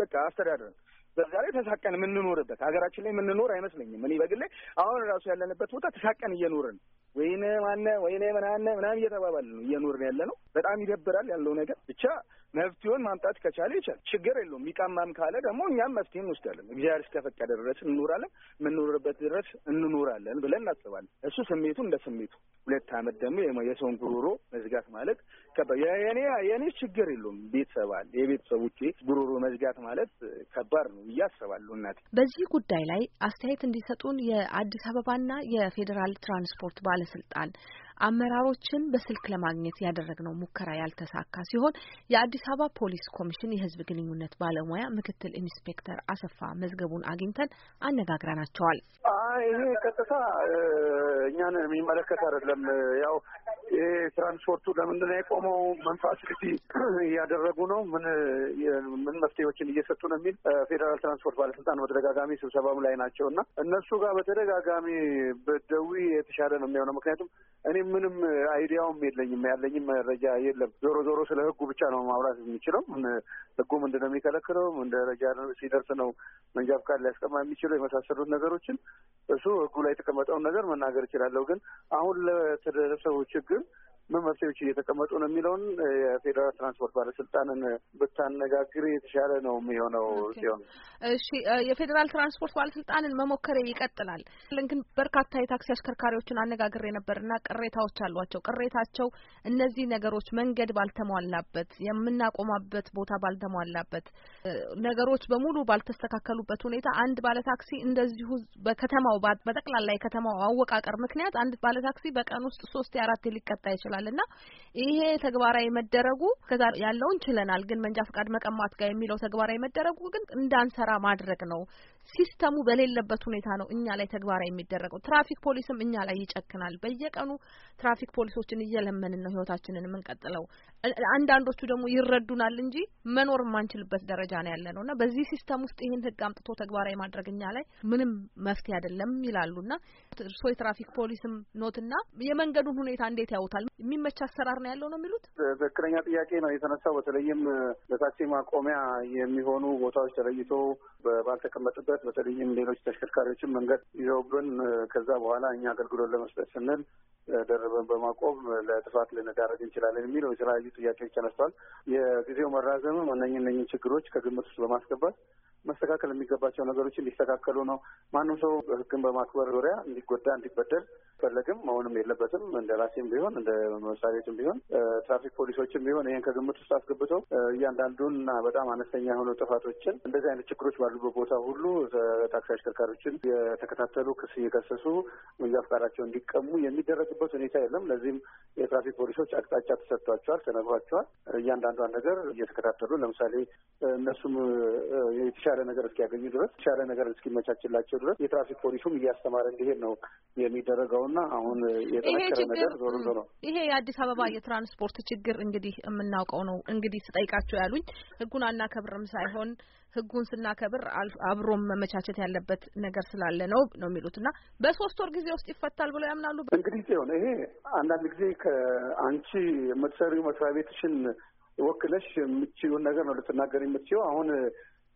በቃ አስተዳደርን በዛ ላይ ተሳቀን የምንኖርበት ሀገራችን ላይ የምንኖር አይመስለኝም። እኔ በግሌ አሁን ራሱ ያለንበት ቦታ ተሳቀን እየኖርን ወይኔ ማነ ወይኔ ምናነ ምናምን እየተባባል ነው እየኖርን ያለ ነው። በጣም ይደብራል ያለው ነገር ብቻ መፍትሄውን ማምጣት ከቻለ ይቻል ችግር የለውም። ሚቃማም ካለ ደግሞ እኛም መፍትሄ እንወስዳለን። እግዚአብሔር እስከፈቀደ ድረስ እንኖራለን፣ የምንኖርበት ድረስ እንኖራለን ብለን እናስባለን። እሱ ስሜቱ እንደ ስሜቱ። ሁለት ዓመት ደግሞ የሰውን ጉሮሮ መዝጋት ማለት ከባድ የኔ የኔ ችግር የለውም። ቤተሰባል የቤተሰቦቼ ጉሮሮ መዝጋት ማለት ከባድ ነው ብዬ አስባለሁ። እናቴ በዚህ ጉዳይ ላይ አስተያየት እንዲሰጡን የአዲስ አበባና የፌዴራል ትራንስፖርት ባለስልጣን አመራሮችን በስልክ ለማግኘት ያደረግነው ሙከራ ያልተሳካ ሲሆን የአዲስ አበባ ፖሊስ ኮሚሽን የህዝብ ግንኙነት ባለሙያ ምክትል ኢንስፔክተር አሰፋ መዝገቡን አግኝተን አነጋግረናቸዋል። ይሄ ቀጥታ እኛን የሚመለከት አይደለም። ያው ይሄ ትራንስፖርቱ ለምንድን ነው የቆመው? ምን ፋሲሊቲ እያደረጉ ነው? ምን ምን መፍትሄዎችን እየሰጡ ነው የሚል ፌዴራል ትራንስፖርት ባለስልጣን በተደጋጋሚ ስብሰባም ላይ ናቸው እና እነሱ ጋር በተደጋጋሚ በደዊ የተሻለ ነው የሚሆነው ምክንያቱም እኔ ምንም አይዲያውም የለኝም፣ ያለኝም መረጃ የለም። ዞሮ ዞሮ ስለ ህጉ ብቻ ነው ማብራት የሚችለው። ህጉ ምንድን ነው የሚከለክለው፣ ምን ደረጃ ሲደርስ ነው መንጃ ፍቃድ ሊያስቀማ የሚችለው፣ የመሳሰሉት ነገሮችን እሱ ህጉ ላይ የተቀመጠውን ነገር መናገር እችላለሁ። ግን አሁን ለተደረሰው ችግር ምን መፍትሄዎች እየተቀመጡ ነው የሚለውን የፌዴራል ትራንስፖርት ባለስልጣንን ብታነጋግር የተሻለ ነው የሚሆነው ሲሆን እሺ የፌዴራል ትራንስፖርት ባለስልጣንን መሞከሬ ይቀጥላል። ግን በርካታ የታክሲ አሽከርካሪዎችን አነጋግሬ ነበርና ቅሬታዎች አሏቸው። ቅሬታቸው እነዚህ ነገሮች መንገድ ባልተሟላበት፣ የምናቆማበት ቦታ ባልተሟላበት፣ ነገሮች በሙሉ ባልተስተካከሉበት ሁኔታ አንድ ባለታክሲ እንደዚሁ በከተማው በጠቅላላ የከተማው አወቃቀር ምክንያት አንድ ባለታክሲ በቀን ውስጥ ሶስት የአራት ሊቀጣ ይችላል ይችላል እና ይሄ ተግባራዊ መደረጉ ከዛ ያለውን ችለናል፣ ግን መንጃ ፈቃድ መቀማት ጋር የሚለው ተግባራዊ መደረጉ ግን እንዳንሰራ ማድረግ ነው። ሲስተሙ በሌለበት ሁኔታ ነው እኛ ላይ ተግባራዊ የሚደረገው። ትራፊክ ፖሊስም እኛ ላይ ይጨክናል። በየቀኑ ትራፊክ ፖሊሶችን እየለመንን ነው ህይወታችንን የምንቀጥለው። አንዳንዶቹ ደግሞ ይረዱናል እንጂ መኖር የማንችልበት ደረጃ ነው ያለ ነው እና በዚህ ሲስተም ውስጥ ይህን ህግ አምጥቶ ተግባራዊ ማድረግ እኛ ላይ ምንም መፍትሄ አይደለም ይላሉ እና እርሶ የትራፊክ ፖሊስም ኖትና የመንገዱን ሁኔታ እንዴት ያውታል? የሚመች አሰራር ነው ያለው ነው የሚሉት። ትክክለኛ ጥያቄ ነው የተነሳው። በተለይም ለታክሲ ማቆሚያ የሚሆኑ ቦታዎች ተለይቶ ባልተቀመጥበት በተለይም ሌሎች ተሽከርካሪዎችን መንገድ ይዘውብን ከዛ በኋላ እኛ አገልግሎት ለመስጠት ስንል ደርበን በማቆም ለጥፋት ልንዳረግ እንችላለን የሚለው የተለያዩ ጥያቄዎች ተነስቷል። የጊዜው መራዘምም እነኝ እነኝህ ችግሮች ከግምት ውስጥ በማስገባት መስተካከል የሚገባቸው ነገሮች እንዲስተካከሉ ነው። ማንም ሰው ሕግን በማክበር ዙሪያ እንዲጎዳ እንዲበደል ፈለግም መሆንም የለበትም። እንደ ራሴም ቢሆን እንደ መስሪያ ቤትም ቢሆን ትራፊክ ፖሊሶችም ቢሆን ይህን ከግምት ውስጥ አስገብተው እያንዳንዱና በጣም አነስተኛ የሆኑ ጥፋቶችን እንደዚህ አይነት ችግሮች ባሉበት ቦታ ሁሉ ታክሲ አሽከርካሪዎችን የተከታተሉ ክስ እየከሰሱ መንጃ ፈቃዳቸውን እንዲቀሙ የሚደረግበት ሁኔታ የለም። ለዚህም የትራፊክ ፖሊሶች አቅጣጫ ተሰጥቷቸዋል፣ ተነግሯቸዋል። እያንዳንዷን ነገር እየተከታተሉ ለምሳሌ እነሱም የተሻለ ነገር እስኪያገኙ ድረስ የተሻለ ነገር እስኪመቻችላቸው ድረስ የትራፊክ ፖሊሱም እያስተማረ እንዲሄድ ነው የሚደረገውና አሁን የጠነከረ ነገር ዞሮ ዞሮ ይሄ የአዲስ አበባ የትራንስፖርት ችግር እንግዲህ የምናውቀው ነው። እንግዲህ ስጠይቃቸው ያሉኝ ህጉን አናከብርም ሳይሆን ህጉን ስናከብር አብሮም መመቻቸት ያለበት ነገር ስላለ ነው ነው የሚሉት እና በሶስት ወር ጊዜ ውስጥ ይፈታል ብለው ያምናሉ። እንግዲህ ጽዮን፣ ይሄ አንዳንድ ጊዜ ከአንቺ የምትሰሪው መስሪያ ቤትሽን ወክለሽ የምችሉን ነገር ነው ልትናገር የምትችው አሁን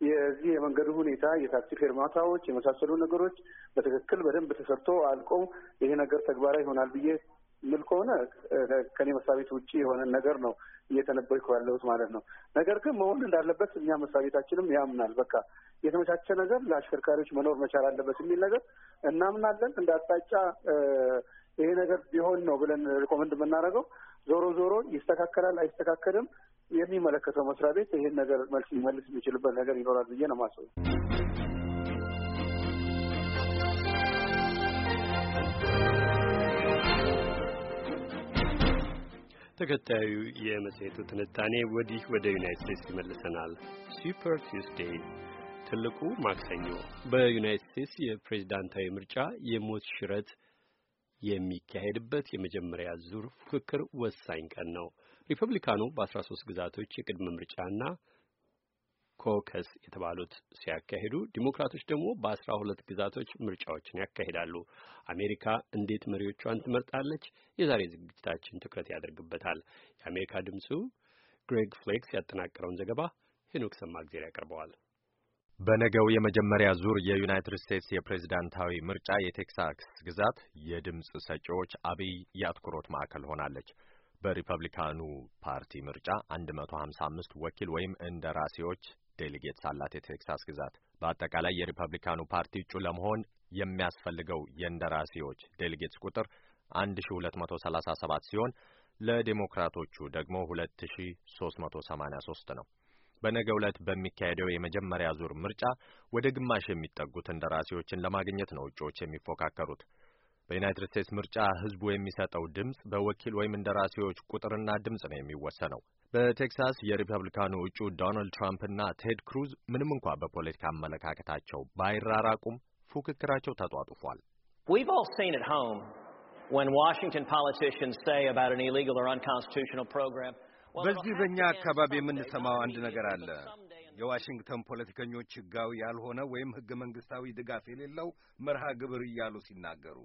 የዚህ የመንገዱ ሁኔታ የታክሲ ፌርማታዎች የመሳሰሉ ነገሮች በትክክል በደንብ ተሰርቶ አልቆ ይሄ ነገር ተግባራዊ ይሆናል ብዬ ምል ከሆነ ከኔ መስሪያ ቤት ውጭ የሆነ ነገር ነው እየተነበይኩ ያለሁት ማለት ነው። ነገር ግን መሆን እንዳለበት እኛ መስሪያ ቤታችንም ያምናል። በቃ የተመቻቸ ነገር ለአሽከርካሪዎች መኖር መቻል አለበት የሚል ነገር እናምናለን። እንደ አቅጣጫ ይሄ ነገር ቢሆን ነው ብለን ሪኮመንድ የምናደርገው። ዞሮ ዞሮ ይስተካከላል አይስተካከልም የሚመለከተው መስሪያ ቤት ይህን ነገር መልስ ሊመልስ የሚችልበት ነገር ይኖራል ብዬ ነው የማስበው። ተከታዩ የመጽሔቱ ትንታኔ ወዲህ ወደ ዩናይት ስቴትስ ይመልሰናል። ሱፐር ቲውስዴይ ትልቁ ማክሰኞ በዩናይት ስቴትስ የፕሬዝዳንታዊ ምርጫ የሞት ሽረት የሚካሄድበት የመጀመሪያ ዙር ፉክክር ወሳኝ ቀን ነው። ሪፐብሊካኑ በ13 ግዛቶች የቅድመ ምርጫና ኮከስ የተባሉት ሲያካሂዱ ዲሞክራቶች ደግሞ በአስራ ሁለት ግዛቶች ምርጫዎችን ያካሂዳሉ። አሜሪካ እንዴት መሪዎቿን ትመርጣለች? የዛሬ ዝግጅታችን ትኩረት ያደርግበታል። የአሜሪካ ድምፁ ግሬግ ፍሌክስ ያጠናቀረውን ዘገባ ሄኖክ ሰማግዜር ያቀርበዋል። በነገው የመጀመሪያ ዙር የዩናይትድ ስቴትስ የፕሬዝዳንታዊ ምርጫ የቴክሳስ ግዛት የድምፅ ሰጪዎች አብይ የአትኩሮት ማዕከል ሆናለች። በሪፐብሊካኑ ፓርቲ ምርጫ 155 ወኪል ወይም እንደራሴዎች ዴሌጌትስ አላት የቴክሳስ ግዛት። በአጠቃላይ የሪፐብሊካኑ ፓርቲ እጩ ለመሆን የሚያስፈልገው የእንደራሴዎች ዴሌጌትስ ቁጥር 1237 ሲሆን ለዴሞክራቶቹ ደግሞ 2383 ነው። በነገ ዕለት በሚካሄደው የመጀመሪያ ዙር ምርጫ ወደ ግማሽ የሚጠጉት እንደራሴዎችን ለማግኘት ነው እጩዎች የሚፎካከሩት። በዩናይትድ ስቴትስ ምርጫ ህዝቡ የሚሰጠው ድምፅ በወኪል ወይም እንደራሴዎች ቁጥርና ድምፅ ነው የሚወሰነው። በቴክሳስ የሪፐብሊካኑ እጩ ዶናልድ ትራምፕና ቴድ ክሩዝ ምንም እንኳ በፖለቲካ አመለካከታቸው ባይራራቁም ፉክክራቸው ተጧጡፏል። በዚህ በእኛ አካባቢ የምንሰማው አንድ ነገር አለ። የዋሽንግተን ፖለቲከኞች ሕጋዊ ያልሆነ ወይም ሕገ መንግሥታዊ ድጋፍ የሌለው መርሃ ግብር እያሉ ሲናገሩ፣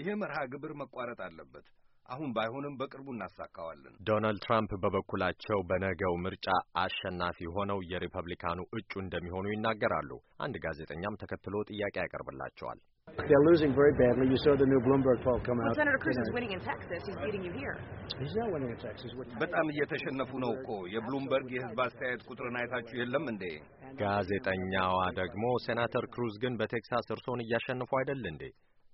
ይህ መርሃ ግብር መቋረጥ አለበት። አሁን ባይሆንም በቅርቡ እናሳካዋለን። ዶናልድ ትራምፕ በበኩላቸው በነገው ምርጫ አሸናፊ ሆነው የሪፐብሊካኑ እጩ እንደሚሆኑ ይናገራሉ። አንድ ጋዜጠኛም ተከትሎ ጥያቄ ያቀርብላቸዋል። They're losing very badly. You saw the new Bloomberg poll come out. Senator Cruz is winning in Texas. He's beating you here. He's not winning in Texas. በጣም እየተሸነፉ ነው እኮ። የብሉምበርግ የሕዝብ አስተያየት ቁጥርን አይታችሁ የለም እንዴ? ጋዜጠኛዋ ደግሞ ሴናተር ክሩዝ ግን በቴክሳስ እርሶን እያሸነፉ አይደል እንዴ?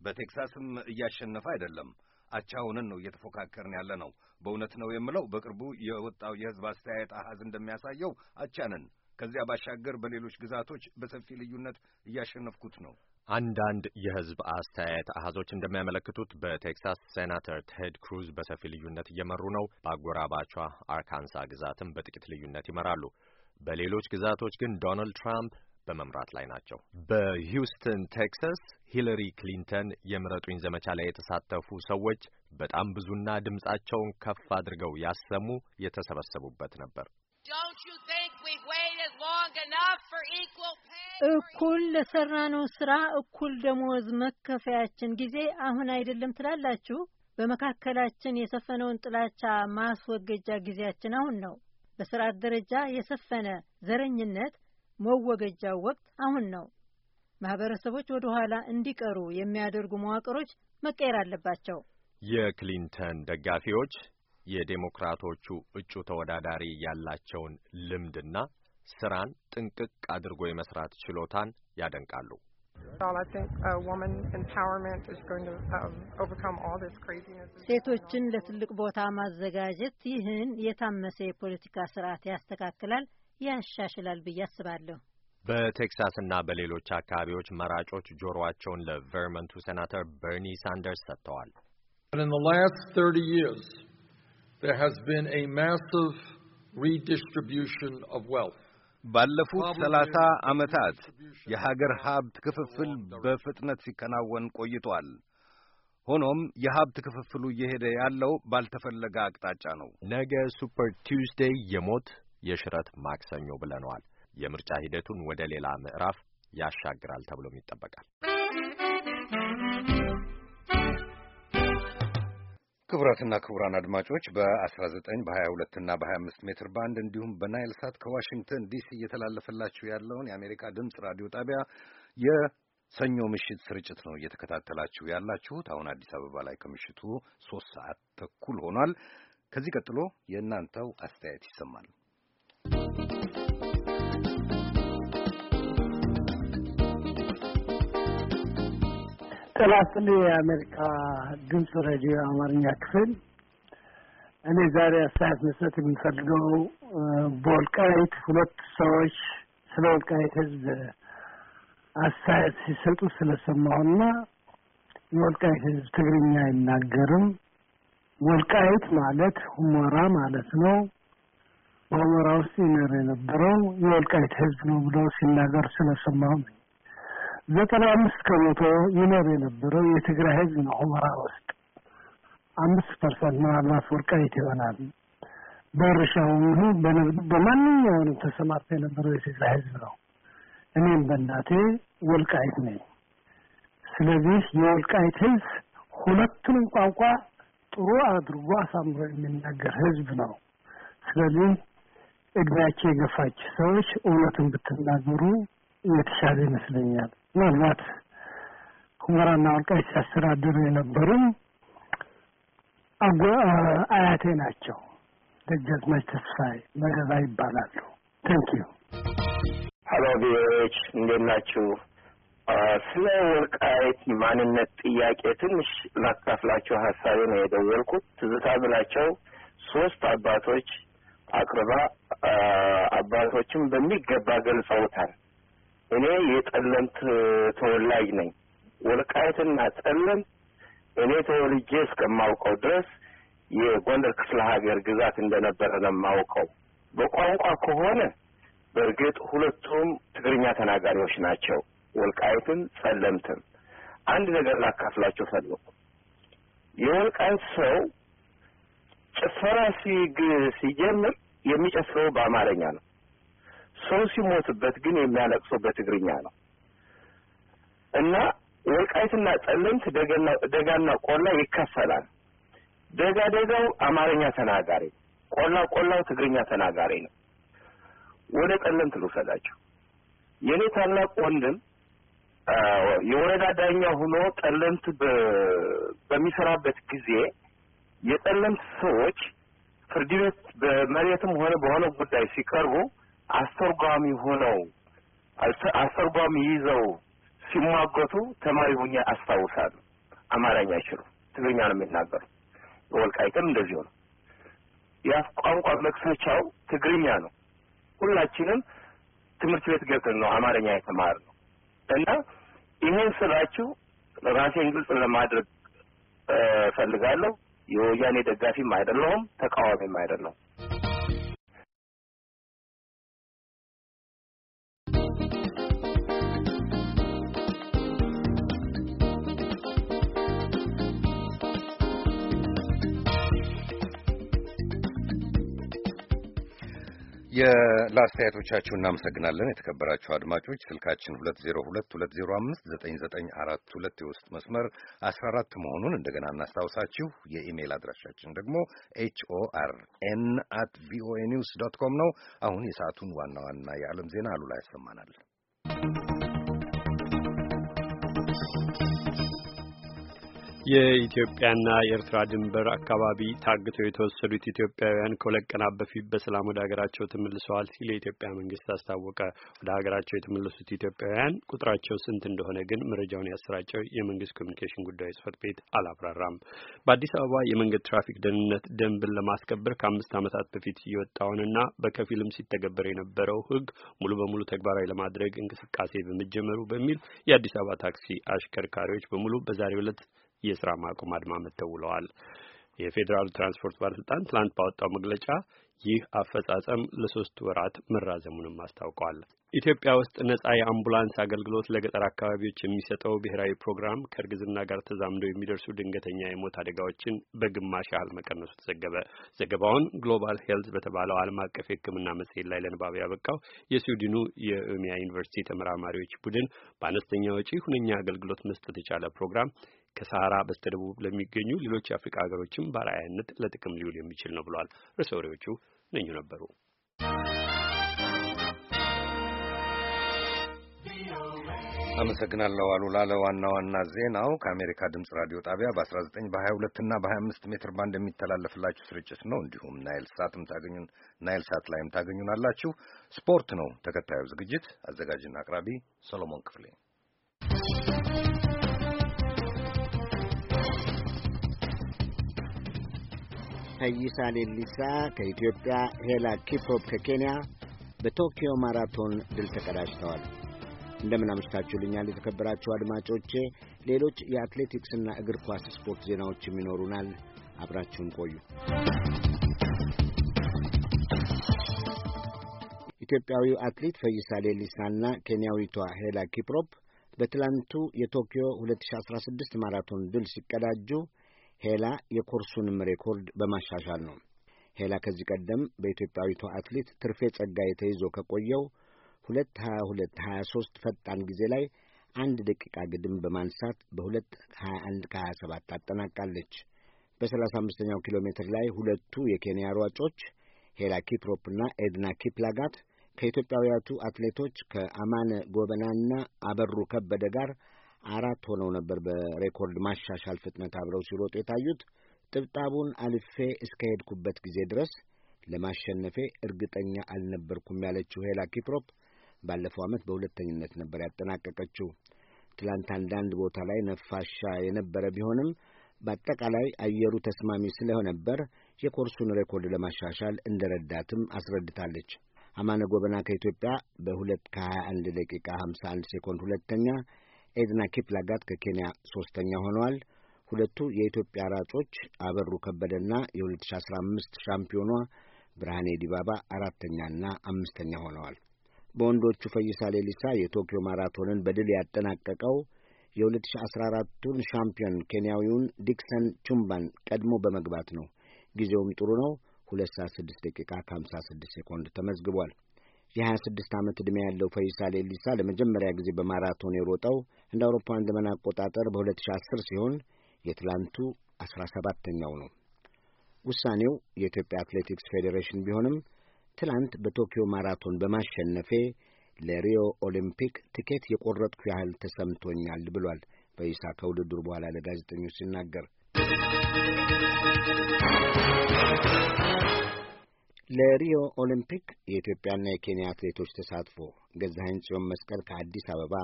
በቴክሳስም እያሸነፈ አይደለም። አቻውንን ነው እየተፎካከርን ያለ ነው። በእውነት ነው የምለው በቅርቡ የወጣው የህዝብ አስተያየት አሃዝ እንደሚያሳየው አቻንን። ከዚያ ባሻገር በሌሎች ግዛቶች በሰፊ ልዩነት እያሸነፍኩት ነው። አንዳንድ የህዝብ አስተያየት አሃዞች እንደሚያመለክቱት በቴክሳስ ሴናተር ቴድ ክሩዝ በሰፊ ልዩነት እየመሩ ነው። በአጎራባቿ አርካንሳ ግዛትም በጥቂት ልዩነት ይመራሉ። በሌሎች ግዛቶች ግን ዶናልድ ትራምፕ በመምራት ላይ ናቸው። በሂውስተን ቴክሳስ ሂለሪ ክሊንተን የምረጡኝ ዘመቻ ላይ የተሳተፉ ሰዎች በጣም ብዙና ድምጻቸውን ከፍ አድርገው ያሰሙ የተሰበሰቡበት ነበር። እኩል ለሰራነው ስራ እኩል ደሞዝ መከፈያችን ጊዜ አሁን አይደለም ትላላችሁ? በመካከላችን የሰፈነውን ጥላቻ ማስወገጃ ጊዜያችን አሁን ነው። በስርዓት ደረጃ የሰፈነ ዘረኝነት መወገጃው ወቅት አሁን ነው። ማህበረሰቦች ወደ ኋላ እንዲቀሩ የሚያደርጉ መዋቅሮች መቀየር አለባቸው። የክሊንተን ደጋፊዎች የዴሞክራቶቹ እጩ ተወዳዳሪ ያላቸውን ልምድና ስራን ጥንቅቅ አድርጎ የመስራት ችሎታን ያደንቃሉ። um, ሴቶችን ለትልቅ ቦታ ማዘጋጀት ይህን የታመሰ የፖለቲካ ስርዓት ያስተካክላል፣ ያሻሽላል ብዬ አስባለሁ። እና በሌሎች አካባቢዎች መራጮች ጆሮአቸውን ለቨርመንቱ ሴናተር በርኒ ሳንደርስ ሰጥተዋል። ባለፉት ሰላሳ ዓመታት የሀገር ሀብት ክፍፍል በፍጥነት ሲከናወን ቆይቷል። ሆኖም የሀብት ክፍፍሉ እየሄደ ያለው ባልተፈለገ አቅጣጫ ነው። ነገ ሱፐር ቲውስዴይ የሞት የሽረት ማክሰኞ ብለነዋል። የምርጫ ሂደቱን ወደ ሌላ ምዕራፍ ያሻግራል ተብሎም ይጠበቃል። ክቡራትና ክቡራን አድማጮች በ19 በ22 እና በ25 ሜትር ባንድ እንዲሁም በናይል ሳት ከዋሽንግተን ዲሲ እየተላለፈላችሁ ያለውን የአሜሪካ ድምፅ ራዲዮ ጣቢያ የሰኞ ምሽት ስርጭት ነው እየተከታተላችሁ ያላችሁት። አሁን አዲስ አበባ ላይ ከምሽቱ ሶስት ሰዓት ተኩል ሆኗል። ከዚህ ቀጥሎ የእናንተው አስተያየት ይሰማል። ጥላትን የአሜሪካ ድምፅ ሬዲዮ አማርኛ ክፍል እኔ ዛሬ አስተያየት መስጠት የሚፈልገው በወልቃይት ሁለት ሰዎች ስለ ወልቃይት ህዝብ አስተያየት ሲሰጡ ስለሰማሁና የወልቃይት ህዝብ ትግርኛ አይናገርም። ወልቃይት ማለት ሁመራ ማለት ነው። በአማራ ውስጥ ይኖር የነበረው የወልቃይት ህዝብ ነው ብሎ ሲናገር ስለሰማሁ ዘጠና አምስት ከመቶ ይኖር የነበረው የትግራይ ህዝብ ነው አማራ ውስጥ አምስት ፐርሰንት ምናልባት ወልቃይት ይሆናል። በእርሻው ይሁ በማንኛውንም ተሰማርተ የነበረው የትግራይ ህዝብ ነው። እኔም በእናቴ ወልቃይት ነኝ። ስለዚህ የወልቃይት ህዝብ ሁለቱንም ቋንቋ ጥሩ አድርጎ አሳምሮ የሚናገር ህዝብ ነው። ስለዚህ እድሜያቸው የገፋች ሰዎች እውነቱን ብትናገሩ የተሻለ ይመስለኛል። ምናልባት ሁመራና ወልቃይት ሲያስተዳድሩ የነበሩም አያቴ ናቸው። ደጃዝማች ተስፋዬ መደባ ይባላሉ። ዩ ሀሎ ቪዎች እንዴት ናችሁ? ስለ ወልቃይት ማንነት ጥያቄ ትንሽ ላካፍላችሁ ሀሳቤ ነው የደወልኩት። ትዝታ ብላቸው ሶስት አባቶች አቅርባ አባቶችም በሚገባ ገልጸውታል። እኔ የጠለምት ተወላጅ ነኝ። ወልቃይትና ጠለምት እኔ ተወልጄ እስከማውቀው ድረስ የጎንደር ክፍለ ሀገር ግዛት እንደነበረ ነው የማውቀው። በቋንቋ ከሆነ በእርግጥ ሁለቱም ትግርኛ ተናጋሪዎች ናቸው፣ ወልቃይትም ጸለምትም። አንድ ነገር ላካፍላቸው ፈለኩ። የወልቃይት ሰው ጭፈራ ሲጀምር የሚጨፍረው በአማርኛ ነው። ሰው ሲሞትበት ግን የሚያለቅሰው በትግርኛ ነው እና ወልቃይትና ጠለምት ደጋና ቆላ ይከፈላል። ደጋ ደጋው አማርኛ ተናጋሪ ነው። ቆላ ቆላው ትግርኛ ተናጋሪ ነው። ወደ ጠለምት ልውሰዳቸው። የእኔ ታላቅ ወንድም የወረዳ ዳኛ ሆኖ ጠለምት በሚሰራበት ጊዜ የጠለምት ሰዎች ፍርድ ቤት በመሬትም ሆነ በሆነ ጉዳይ ሲቀርቡ አስተርጓሚ ሆነው አስተርጓሚ ይዘው ሲሟገቱ ተማሪ ሁኜ አስታውሳለሁ። አማርኛ አይችሉም፣ ትግርኛ ነው የሚናገሩ። ወልቃይትም እንደዚሁ ነው። የአፍ ቋንቋ መክፈቻው ትግርኛ ነው። ሁላችንም ትምህርት ቤት ገብተን ነው አማርኛ የተማርነው እና ይህን ስላችሁ ራሴን ግልጽ ለማድረግ እፈልጋለሁ። የወያኔ ደጋፊም አይደለሁም፣ ተቃዋሚም አይደለሁም። ለአስተያየቶቻችሁ እናመሰግናለን። የተከበራችሁ አድማጮች ስልካችን ሁለት ዜሮ ሁለት ሁለት ዜሮ አምስት ዘጠኝ ዘጠኝ አራት ሁለት የውስጥ መስመር አስራ አራት መሆኑን እንደገና እናስታውሳችሁ። የኢሜይል አድራሻችን ደግሞ ኤች ኦ አር ኤን አት ቪኦኤ ኒውስ ዶት ኮም ነው። አሁን የሰዓቱን ዋና ዋና የዓለም ዜና አሉላ ያሰማናል። የኢትዮጵያና የኤርትራ ድንበር አካባቢ ታግተው የተወሰዱት ኢትዮጵያውያን ከሁለት ቀናት በፊት በሰላም ወደ ሀገራቸው ተመልሰዋል ሲል የኢትዮጵያ መንግስት አስታወቀ። ወደ ሀገራቸው የተመለሱት ኢትዮጵያውያን ቁጥራቸው ስንት እንደሆነ ግን መረጃውን ያሰራጨው የመንግስት ኮሚኒኬሽን ጉዳይ ጽፈት ቤት አላብራራም። በአዲስ አበባ የመንገድ ትራፊክ ደህንነት ደንብን ለማስከበር ከአምስት ዓመታት በፊት የወጣውንና በከፊልም ሲተገበር የነበረው ህግ ሙሉ በሙሉ ተግባራዊ ለማድረግ እንቅስቃሴ በመጀመሩ በሚል የአዲስ አበባ ታክሲ አሽከርካሪዎች በሙሉ በዛሬው ዕለት የስራ ማቆም አድማ መተውለዋል። የፌዴራል ትራንስፖርት ባለስልጣን ትላንት ባወጣው መግለጫ ይህ አፈጻጸም ለሶስት ወራት መራዘሙንም አስታውቋል። ኢትዮጵያ ውስጥ ነጻ የአምቡላንስ አገልግሎት ለገጠር አካባቢዎች የሚሰጠው ብሔራዊ ፕሮግራም ከእርግዝና ጋር ተዛምደው የሚደርሱ ድንገተኛ የሞት አደጋዎችን በግማሽ ያህል መቀነሱ ተዘገበ። ዘገባውን ግሎባል ሄልት በተባለው ዓለም አቀፍ የሕክምና መጽሔት ላይ ለንባብ ያበቃው የስዊድኑ የኦሚያ ዩኒቨርሲቲ ተመራማሪዎች ቡድን በአነስተኛ ወጪ ሁነኛ አገልግሎት መስጠት የቻለ ፕሮግራም ከሰሃራ በስተደቡብ ለሚገኙ ሌሎች የአፍሪካ ሀገሮችም በአርአያነት ለጥቅም ሊውል የሚችል ነው ብሏል። ርዕሰ ወሬዎቹ ነበሩ። አመሰግናለሁ አሉላ። ለዋና ዋና ዜናው ከአሜሪካ ድምፅ ራዲዮ ጣቢያ በ19 በ22 እና በ25 ሜትር ባንድ የሚተላለፍላችሁ ስርጭት ነው። እንዲሁም ናይል ሳትም ታገኙን ናይል ሳት ላይም ታገኙናላችሁ። ስፖርት ነው ተከታዩ ዝግጅት። አዘጋጅና አቅራቢ ሰሎሞን ክፍሌ ፈይሳ ሌሊሳ ከኢትዮጵያ፣ ሄላ ኪፕሮፕ ከኬንያ በቶኪዮ ማራቶን ድል ተቀዳጅተዋል። እንደምን አምሽታችሁልኛል የተከበራችሁ አድማጮቼ። ሌሎች የአትሌቲክስና እግር ኳስ ስፖርት ዜናዎችም ይኖሩናል። አብራችሁን ቆዩ። ኢትዮጵያዊው አትሌት ፈይሳ ሌሊሳና ኬንያዊቷ ሄላ ኪፕሮፕ በትላንቱ የቶኪዮ 2016 ማራቶን ድል ሲቀዳጁ ሄላ የኮርሱንም ሬኮርድ በማሻሻል ነው። ሄላ ከዚህ ቀደም በኢትዮጵያዊቷ አትሌት ትርፌ ጸጋዬ ተይዞ ከቆየው ሁለት ሀያ ሁለት ሀያ ሶስት ፈጣን ጊዜ ላይ አንድ ደቂቃ ግድም በማንሳት በሁለት ሀያ አንድ ከሀያ ሰባት አጠናቃለች። በሰላሳ አምስተኛው ኪሎ ሜትር ላይ ሁለቱ የኬንያ ሯጮች ሄላ ኪፕሮፕና ኤድና ኪፕላጋት ከኢትዮጵያውያቱ አትሌቶች ከአማነ ጎበናና አበሩ ከበደ ጋር አራት ሆነው ነበር በሬኮርድ ማሻሻል ፍጥነት አብረው ሲሮጡ የታዩት። ጥብጣቡን አልፌ እስከሄድኩበት ጊዜ ድረስ ለማሸነፌ እርግጠኛ አልነበርኩም ያለችው ሄላ ኪፕሮፕ ባለፈው ዓመት በሁለተኝነት ነበር ያጠናቀቀችው። ትላንት አንዳንድ ቦታ ላይ ነፋሻ የነበረ ቢሆንም በአጠቃላይ አየሩ ተስማሚ ስለነበር የኮርሱን ሬኮርድ ለማሻሻል እንደረዳትም አስረድታለች። አማነ ጎበና ከኢትዮጵያ በሁለት ከ21 ደቂቃ 51 ሴኮንድ ሁለተኛ ኤድና ኪፕላጋት ከኬንያ ሦስተኛ ሆነዋል። ሁለቱ የኢትዮጵያ ራጮች አበሩ ከበደና የ2015 ሻምፒዮኗ ብርሃኔ ዲባባ አራተኛና አምስተኛ ሆነዋል። በወንዶቹ ፈይሳ ሌሊሳ የቶኪዮ ማራቶንን በድል ያጠናቀቀው የ2014ቱን ሻምፒዮን ኬንያዊውን ዲክሰን ቹምባን ቀድሞ በመግባት ነው። ጊዜውም ጥሩ ነው። 2 ሰዓት 6 ደቂቃ ከ56 ሴኮንድ ተመዝግቧል። የ26 ዓመት ዕድሜ ያለው ፈይሳ ሌሊሳ ለመጀመሪያ ጊዜ በማራቶን የሮጠው እንደ አውሮፓውያን ዘመን አቆጣጠር በ2010 ሲሆን የትላንቱ 17ተኛው ነው። ውሳኔው የኢትዮጵያ አትሌቲክስ ፌዴሬሽን ቢሆንም ትላንት በቶኪዮ ማራቶን በማሸነፌ ለሪዮ ኦሊምፒክ ትኬት የቆረጥኩ ያህል ተሰምቶኛል ብሏል። በይሳ ከውድድሩ በኋላ ለጋዜጠኞች ሲናገር ለሪዮ ኦሊምፒክ የኢትዮጵያና የኬንያ አትሌቶች ተሳትፎ ገዛኸኝ ጽዮን መስቀል ከአዲስ አበባ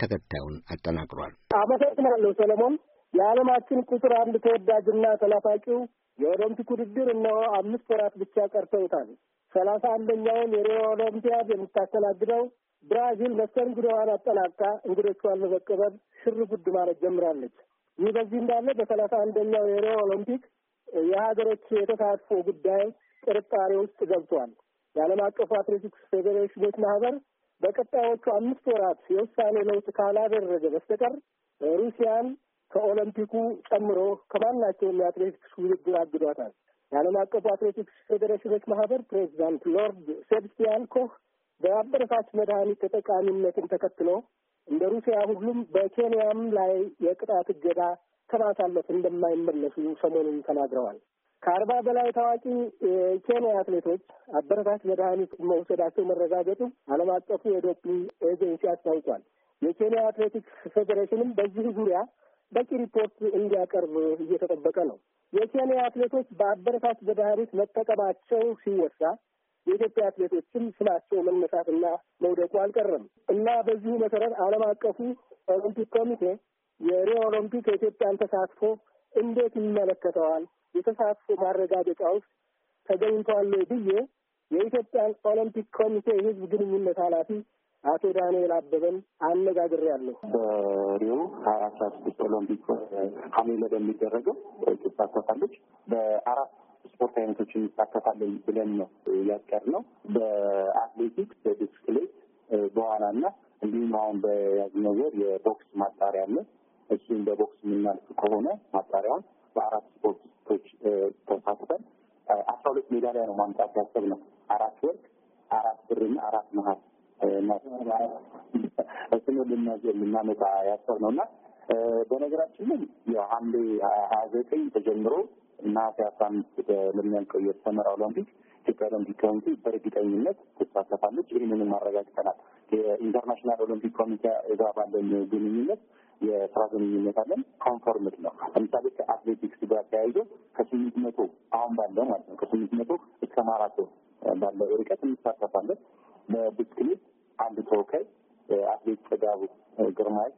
ተከታዩን አጠናቅሯል። አመሰግናለሁ ሰለሞን። የዓለማችን ቁጥር አንድ ተወዳጅና ተላፋቂው የኦሎምፒክ ውድድር እነሆ አምስት ወራት ብቻ ቀርተውታል። ሰላሳ አንደኛውን የሪዮ ኦሎምፒያድ የምታስተናግደው ብራዚል መስተንግዶዋን አጠናቃ እንግዶቿን በመቀበል ሽር ጉድ ማለት ጀምራለች። ይህ በዚህ እንዳለ በሰላሳ አንደኛው የሪዮ ኦሎምፒክ የሀገሮች የተሳትፎ ጉዳይ ጥርጣሬ ውስጥ ገብቷል። የዓለም አቀፉ አትሌቲክስ ፌዴሬሽኖች ማህበር በቀጣዮቹ አምስት ወራት የውሳኔ ለውጥ ካላደረገ በስተቀር ሩሲያን ከኦሎምፒኩ ጨምሮ ከማናቸውም የአትሌቲክስ ውድድር አግዷታል። የዓለም አቀፉ አትሌቲክስ ፌዴሬሽኖች ማህበር ፕሬዚዳንት ሎርድ ሴብስቲያን ኮህ በአበረታች መድኃኒት ተጠቃሚነትን ተከትሎ እንደ ሩሲያ ሁሉም በኬንያም ላይ የቅጣት እገዳ ከማሳለፍ እንደማይመለሱ ሰሞኑን ተናግረዋል። ከአርባ በላይ ታዋቂ የኬንያ አትሌቶች አበረታች መድኃኒት መውሰዳቸው መረጋገጡ ዓለም አቀፉ የዶፒንግ ኤጀንሲ አስታውቋል። የኬንያ አትሌቲክስ ፌዴሬሽንም በዚህ ዙሪያ በቂ ሪፖርት እንዲያቀርብ እየተጠበቀ ነው። የኬንያ አትሌቶች በአበረታች መድኃኒት መጠቀማቸው ሲወሳ የኢትዮጵያ አትሌቶችም ስማቸው መነሳትና መውደቁ አልቀረም እና በዚሁ መሰረት ዓለም አቀፉ ኦሎምፒክ ኮሚቴ የሪዮ ኦሎምፒክ የኢትዮጵያን ተሳትፎ እንዴት ይመለከተዋል? የተሳትፎ ማረጋገጫ ውስጥ ተገኝቷል ብዬ የኢትዮጵያ ኦሎምፒክ ኮሚቴ የህዝብ ግንኙነት ኃላፊ አቶ ዳንኤል አበበን አነጋግሬያለሁ። በሪዮ ሀያ ስድስት ኦሎምፒክ ሐምሌ ላይ በሚደረገው ትሳተፋለች። በአራት ስፖርት አይነቶች እንሳተፋለን ብለን ነው ያቀር ነው በአትሌቲክስ፣ በብስክሌት፣ በዋናና እንዲሁም አሁን በያዝነው ወር የቦክስ ማጣሪያ አለ። እሱም በቦክስ የምናልፍ ከሆነ ማጣሪያውን በአራት ስፖርቶች ተሳትፈን አስራ ሁለት ሜዳሊያ ነው ማምጣት ያሰብነው። አራት ወርቅ፣ አራት ብርና አራት መሀል እሱን ልናመጣ ያሰብነው እና በነገራችን ላይ የሐምሌ ሀያ ዘጠኝ ተጀምሮ ነሐሴ አስራ አምስት ለሚያልቀው የሰመራ ኦሎምፒክ ኢትዮጵያ ኦሎምፒክ ኮሚቴ በእርግጠኝነት ትሳተፋለች። ይህንንም አረጋግጠናል። የኢንተርናሽናል ኦሎምፒክ ኮሚቴ እዛ ባለን ግንኙነት የስራ ግንኙነት አለን። ኮንፎርምድ ነው። ለምሳሌ ከአትሌቲክስ ጋር ተያይዞ ከስምንት መቶ አሁን ባለው ማለት ነው ከስምንት መቶ እስከ ማራቶን ባለው ርቀት እንሳተፋለን። በብስክሌት አንድ ተወካይ አትሌት ጥጋቡ ግርማይ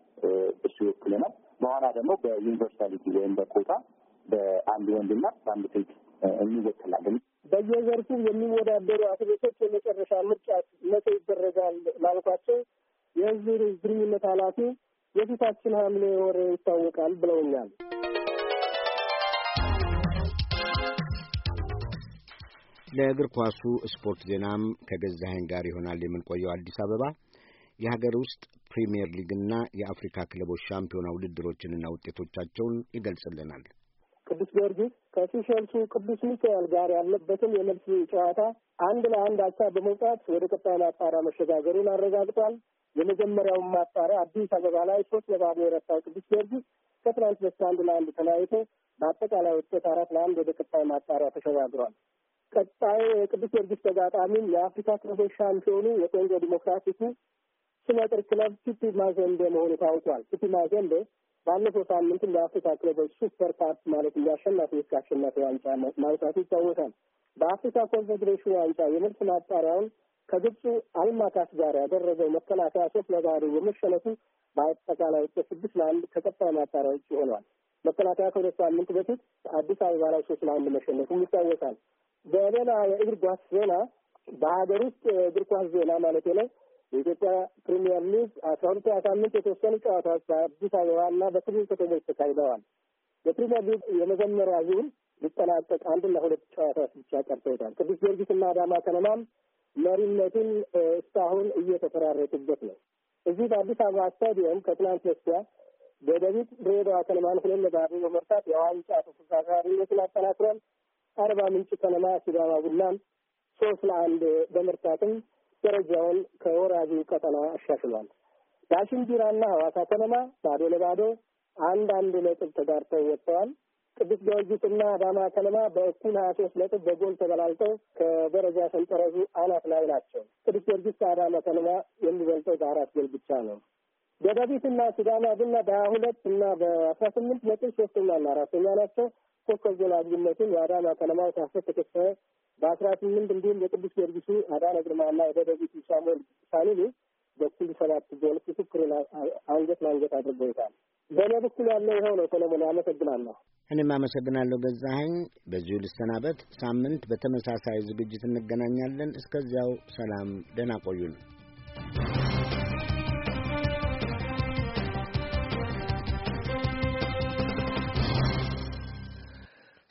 እሱ ይወክልናል። በኋላ ደግሞ በዩኒቨርሳሊቲ ወይም በኮታ በአንድ ወንድና በአንድ ሴት እንወክላለን። በየዘርፉ የሚወዳደሩ አትሌቶች የመጨረሻ ምርጫ መቼ ይደረጋል ላልኳቸው የህዝብ ግንኙነት ኃላፊ የፊታችን ሐምሌ ወር ይታወቃል ብለውኛል። ለእግር ኳሱ ስፖርት ዜናም ከገዛኸኝ ጋር ይሆናል የምንቆየው። አዲስ አበባ የሀገር ውስጥ ፕሪምየር ሊግና የአፍሪካ ክለቦች ሻምፒዮና ውድድሮችንና ውጤቶቻቸውን ይገልጽልናል። ቅዱስ ጊዮርጊስ ከሲሸልሱ ቅዱስ ሚካኤል ጋር ያለበትን የመልስ ጨዋታ አንድ ለአንድ አቻ በመውጣት ወደ ቀጣይ ማጣሪያ መሸጋገሩን አረጋግጧል። የመጀመሪያውን ማጣሪያ አዲስ አበባ ላይ ሶስት ለባዶ የረታው ቅዱስ ጊዮርጊስ ከትናንት በስቲያ አንድ ለአንድ ተለያይቶ በአጠቃላይ ውጤት አራት ለአንድ ወደ ቀጣይ ማጣሪያ ተሸጋግሯል። ቀጣይ የቅዱስ ጊዮርጊስ ተጋጣሚም የአፍሪካ ክለቦች ሻምፒዮኑ የኮንጎ ዲሞክራቲኩ ስመጥር ክለብ ቲፒ ማዜምቤ መሆኑ ታውቋል። ቲፒ ማዜምቤ ባለፈው ሳምንትም የአፍሪካ ክለቦች ሱፐር ካፕ ማለት የአሸናፊዎች አሸናፊ ዋንጫ ማውጣቱ ይታወሳል። በአፍሪካ ኮንፌዴሬሽን ዋንጫ የመልስ ማጣሪያውን ከግብፁ አልማካስ ጋር ያደረገው መከላከያ ሶስት ለባዶ በመሸነፉ በአጠቃላይ ውጤት ስድስት ለአንድ ከቀጣይ ማጣሪያ ውጭ ሆኗል። መከላከያ ከሁለት ሳምንት በፊት አዲስ አበባ ላይ ሶስት ለአንድ መሸነፉም ይታወሳል። በሌላ የእግር ኳስ ዜና በሀገር ውስጥ የእግር ኳስ ዜና ማለት ነው የኢትዮጵያ ፕሪሚየር ሊግ አስራ ሁለተኛ ሳምንት የተወሰኑ ጨዋታዎች በአዲስ እና በክልል ከተሞች ተካሂደዋል። የፕሪሚየር ሊግ የመጀመሪያ ዙር ሊጠናቀቅ አንድና ሁለት ጨዋታዎች ብቻ ቀርተውታል። ቅዱስ እና አዳማ ከነማም መሪነቱን እስካሁን እየተፈራረቁበት ነው። እዚህ በአዲስ አበባ ስታዲየም ከትናንት በስቲያ በደቢት ድሬዳዋ ከነማን ሁለት ለባዶ በመርታት የዋንጫ ተፎካካሪነትን አጠናክሯል። አርባ ምንጭ ከነማ ሲዳማ ቡናን ሶስት ለአንድ በመርታትም ደረጃውን ከወራጁ ቀጠና አሻሽሏል። ዳሽን ቢራና ሐዋሳ ከነማ ባዶ ለባዶ አንድ አንድ ነጥብ ተጋርተው ወጥተዋል። ቅዱስ ጊዮርጊስና አዳማ ከነማ በእኩል ሀያ ሶስት ነጥብ በጎል ተበላልጠው ከደረጃ ሰንጠረዡ አናት ላይ ናቸው። ቅዱስ ጊዮርጊስ ከአዳማ ከነማ የሚበልጠው በአራት ጎል ብቻ ነው። ደደቢትና ሲዳማ ቡና በሀያ ሁለት እና በአስራ ስምንት ነጥብ ሶስተኛ ሶስተኛና አራተኛ ናቸው። ኮከብ ጎል አግቢነቱን የአዳማ ከነማው ታሰብ ተከታየ በአስራ ስምንት እንዲሁም የቅዱስ ጊዮርጊሱ አዳነ ግርማና የደደቢቱ ሳሙኤል ሳሊሉ በኩል ሰባት ጎል ፉክክሩን አንገት ለአንገት አድርገውታል። በእኔ በኩል ያለው ይኸው ነው። ሰለሞን አመሰግናለሁ። እኔም አመሰግናለሁ ገዛኸኝ። በዚሁ ልሰናበት። ሳምንት በተመሳሳይ ዝግጅት እንገናኛለን። እስከዚያው ሰላም፣ ደህና ቆዩን።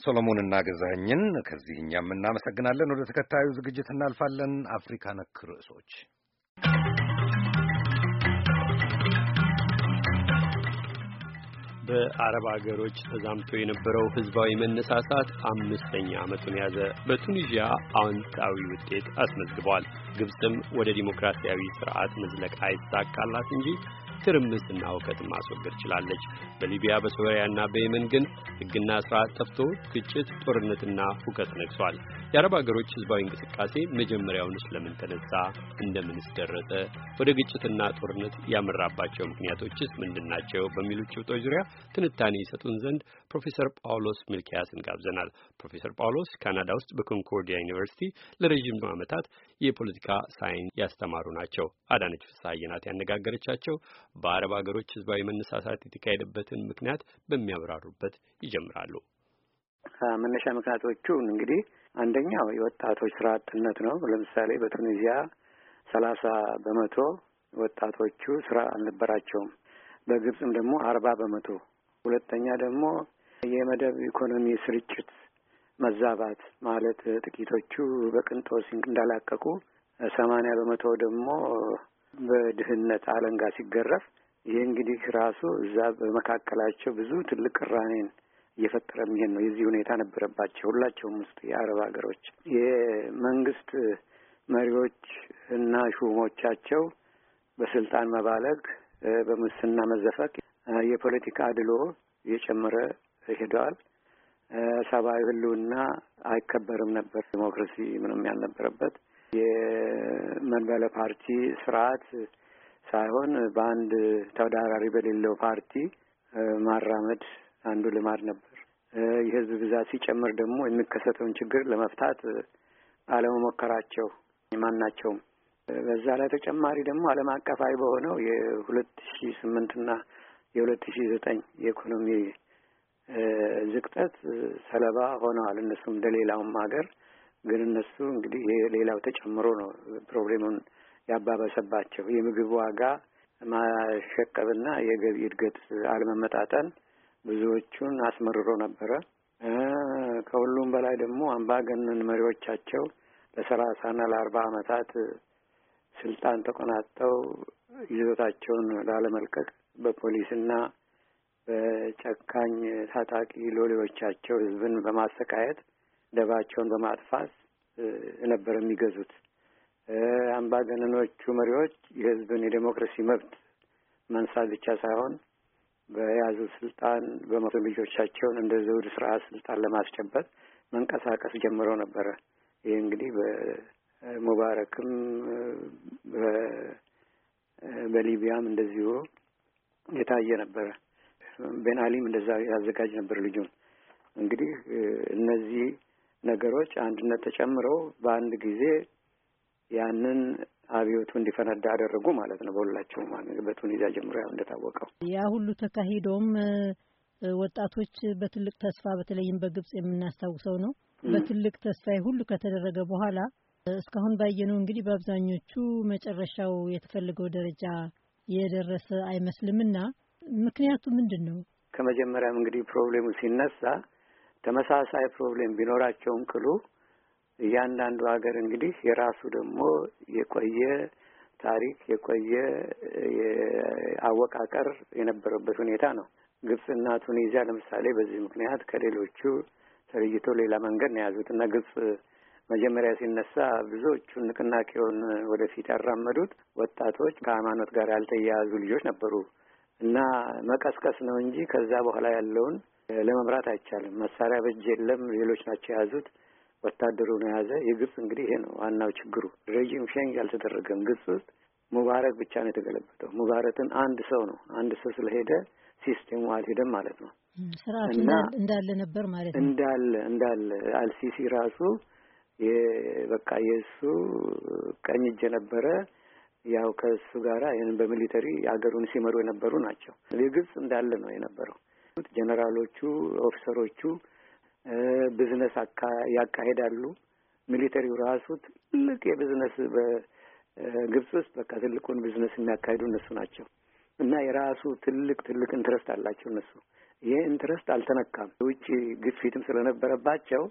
ሰሎሞንና ገዛኸኝን ከዚህ እኛም እናመሰግናለን። ወደ ተከታዩ ዝግጅት እናልፋለን። አፍሪካ ነክ ርዕሶች በአረብ አገሮች ተዛምቶ የነበረው ህዝባዊ መነሳሳት አምስተኛ ዓመቱን ያዘ። በቱኒዥያ አዎንታዊ ውጤት አስመዝግቧል። ግብፅም ወደ ዲሞክራሲያዊ ስርዓት መዝለቅ አይሳካላት እንጂ ትርምስና ሁከትን ማስወገድ ችላለች። በሊቢያ በሶሪያና በየመን ግን ሕግና ስርዓት ጠፍቶ ግጭት፣ ጦርነትና ሁከት ነግሷል። የአረብ አገሮች ህዝባዊ እንቅስቃሴ መጀመሪያውንስ ስለምን ተነሳ? እንደምንስ ደረሰ? ወደ ግጭትና ጦርነት ያመራባቸው ምክንያቶችስ ምንድን ናቸው? በሚሉ ጭብጦች ዙሪያ ትንታኔ ይሰጡን ዘንድ ፕሮፌሰር ጳውሎስ ሚልኪያስን ጋብዘናል። ፕሮፌሰር ጳውሎስ ካናዳ ውስጥ በኮንኮርዲያ ዩኒቨርሲቲ ለረዥም ዓመታት የፖለቲካ ሳይንስ ያስተማሩ ናቸው። አዳነች ፍስሐዬ ናት ያነጋገረቻቸው። በአረብ ሀገሮች ህዝባዊ መነሳሳት የተካሄደበትን ምክንያት በሚያብራሩበት ይጀምራሉ። መነሻ ምክንያቶቹ እንግዲህ አንደኛው የወጣቶች ስራ አጥነት ነው። ለምሳሌ በቱኒዚያ ሰላሳ በመቶ ወጣቶቹ ስራ አልነበራቸውም። በግብፅም ደግሞ አርባ በመቶ ሁለተኛ ደግሞ የመደብ ኢኮኖሚ ስርጭት መዛባት ማለት ጥቂቶቹ በቅንጦት እንዳላቀቁ ሰማንያ በመቶ ደግሞ በድህነት አለንጋ ሲገረፍ ይህ እንግዲህ ራሱ እዛ በመካከላቸው ብዙ ትልቅ ቅራኔን እየፈጠረ የሚሄድ ነው። የዚህ ሁኔታ ነበረባቸው ሁላቸውም ውስጥ የአረብ ሀገሮች የመንግስት መሪዎች እና ሹሞቻቸው በስልጣን መባለግ፣ በሙስና መዘፈቅ፣ የፖለቲካ አድሎ እየጨመረ ሄደዋል። ሰብአዊ ህልውና አይከበርም ነበር። ዲሞክራሲ ምንም ያልነበረበት የመንበለ ፓርቲ ስርዓት ሳይሆን በአንድ ተወዳዳሪ በሌለው ፓርቲ ማራመድ አንዱ ልማድ ነበር። የህዝብ ብዛት ሲጨምር ደግሞ የሚከሰተውን ችግር ለመፍታት አለመሞከራቸው ማናቸውም በዛ ላይ ተጨማሪ ደግሞ ዓለም አቀፋዊ በሆነው የሁለት ሺ ስምንትና የሁለት ሺ ዘጠኝ የኢኮኖሚ ዝቅጠት ሰለባ ሆነዋል። እነሱም እንደሌላውም ሀገር ግን እነሱ እንግዲህ ሌላው ተጨምሮ ነው ፕሮብሌሙን ያባበሰባቸው የምግብ ዋጋ ማሸቀብና የገቢ እድገት አለመመጣጠን ብዙዎቹን አስመርሮ ነበረ። ከሁሉም በላይ ደግሞ አምባገነን መሪዎቻቸው ለሰላሳና ለአርባ ዓመታት ስልጣን ተቆናጠው ይዞታቸውን ላለመልቀቅ በፖሊስና በጨካኝ ታጣቂ ሎሌዎቻቸው ህዝብን በማሰቃየት ደባቸውን በማጥፋት ነበር የሚገዙት። አምባገነኖቹ መሪዎች የህዝብን የዴሞክራሲ መብት መንሳት ብቻ ሳይሆን በያዙ ስልጣን በመቶ ልጆቻቸውን እንደ ዘውድ ስርዓት ስልጣን ለማስጨበጥ መንቀሳቀስ ጀምረው ነበረ። ይህ እንግዲህ በሙባረክም በሊቢያም እንደዚሁ የታየ ነበረ። ቤናሊም እንደዛ ያዘጋጅ ነበር ልጁን። እንግዲህ እነዚህ ነገሮች አንድነት ተጨምረው በአንድ ጊዜ ያንን አብዮቱ እንዲፈነዳ አደረጉ ማለት ነው። በሁላቸውም በቱኒዚያ ጀምሮ ያው እንደታወቀው ያ ሁሉ ተካሂዶም ወጣቶች በትልቅ ተስፋ በተለይም በግብጽ የምናስታውሰው ነው። በትልቅ ተስፋ ሁሉ ከተደረገ በኋላ እስካሁን ባየነው እንግዲህ በአብዛኞቹ መጨረሻው የተፈለገው ደረጃ የደረሰ አይመስልምና ምክንያቱ ምንድን ነው? ከመጀመሪያም እንግዲህ ፕሮብሌሙ ሲነሳ ተመሳሳይ ፕሮብሌም ቢኖራቸውም ቅሉ እያንዳንዱ ሀገር እንግዲህ የራሱ ደግሞ የቆየ ታሪክ የቆየ አወቃቀር የነበረበት ሁኔታ ነው። ግብፅና ቱኒዚያ ለምሳሌ በዚህ ምክንያት ከሌሎቹ ተለይቶ ሌላ መንገድ ነው የያዙት እና ግብፅ መጀመሪያ ሲነሳ ብዙዎቹን ንቅናቄውን ወደፊት ያራመዱት ወጣቶች ከሃይማኖት ጋር ያልተያያዙ ልጆች ነበሩ። እና መቀስቀስ ነው እንጂ ከዛ በኋላ ያለውን ለመምራት አይቻልም። መሳሪያ በእጅ የለም፣ ሌሎች ናቸው የያዙት፣ ወታደሩ ነው የያዘ። የግብፅ እንግዲህ ይሄ ነው ዋናው ችግሩ። ሬጂም ቼንጅ አልተደረገም ግብፅ ውስጥ። ሙባረክ ብቻ ነው የተገለበጠው። ሙባረክን አንድ ሰው ነው አንድ ሰው ስለሄደ ሲስቴሙ አልሄደም ማለት ነው። እንዳለ ነበር ማለት ነው። እንዳለ እንዳለ አልሲሲ ራሱ በቃ የእሱ ቀኝ እጅ ነበረ ያው ከእሱ ጋራ ይህንን በሚሊተሪ ሀገሩን ሲመሩ የነበሩ ናቸው። ግብጽ እንዳለ ነው የነበረው። ጀኔራሎቹ፣ ኦፊሰሮቹ ብዝነስ ያካሄዳሉ። ሚሊተሪው ራሱ ትልቅ የብዝነስ በግብጽ ውስጥ በቃ ትልቁን ብዝነስ የሚያካሄዱ እነሱ ናቸው እና የራሱ ትልቅ ትልቅ ኢንትረስት አላቸው እነሱ። ይህ ኢንትረስት አልተነካም። የውጭ ግፊትም ስለነበረባቸው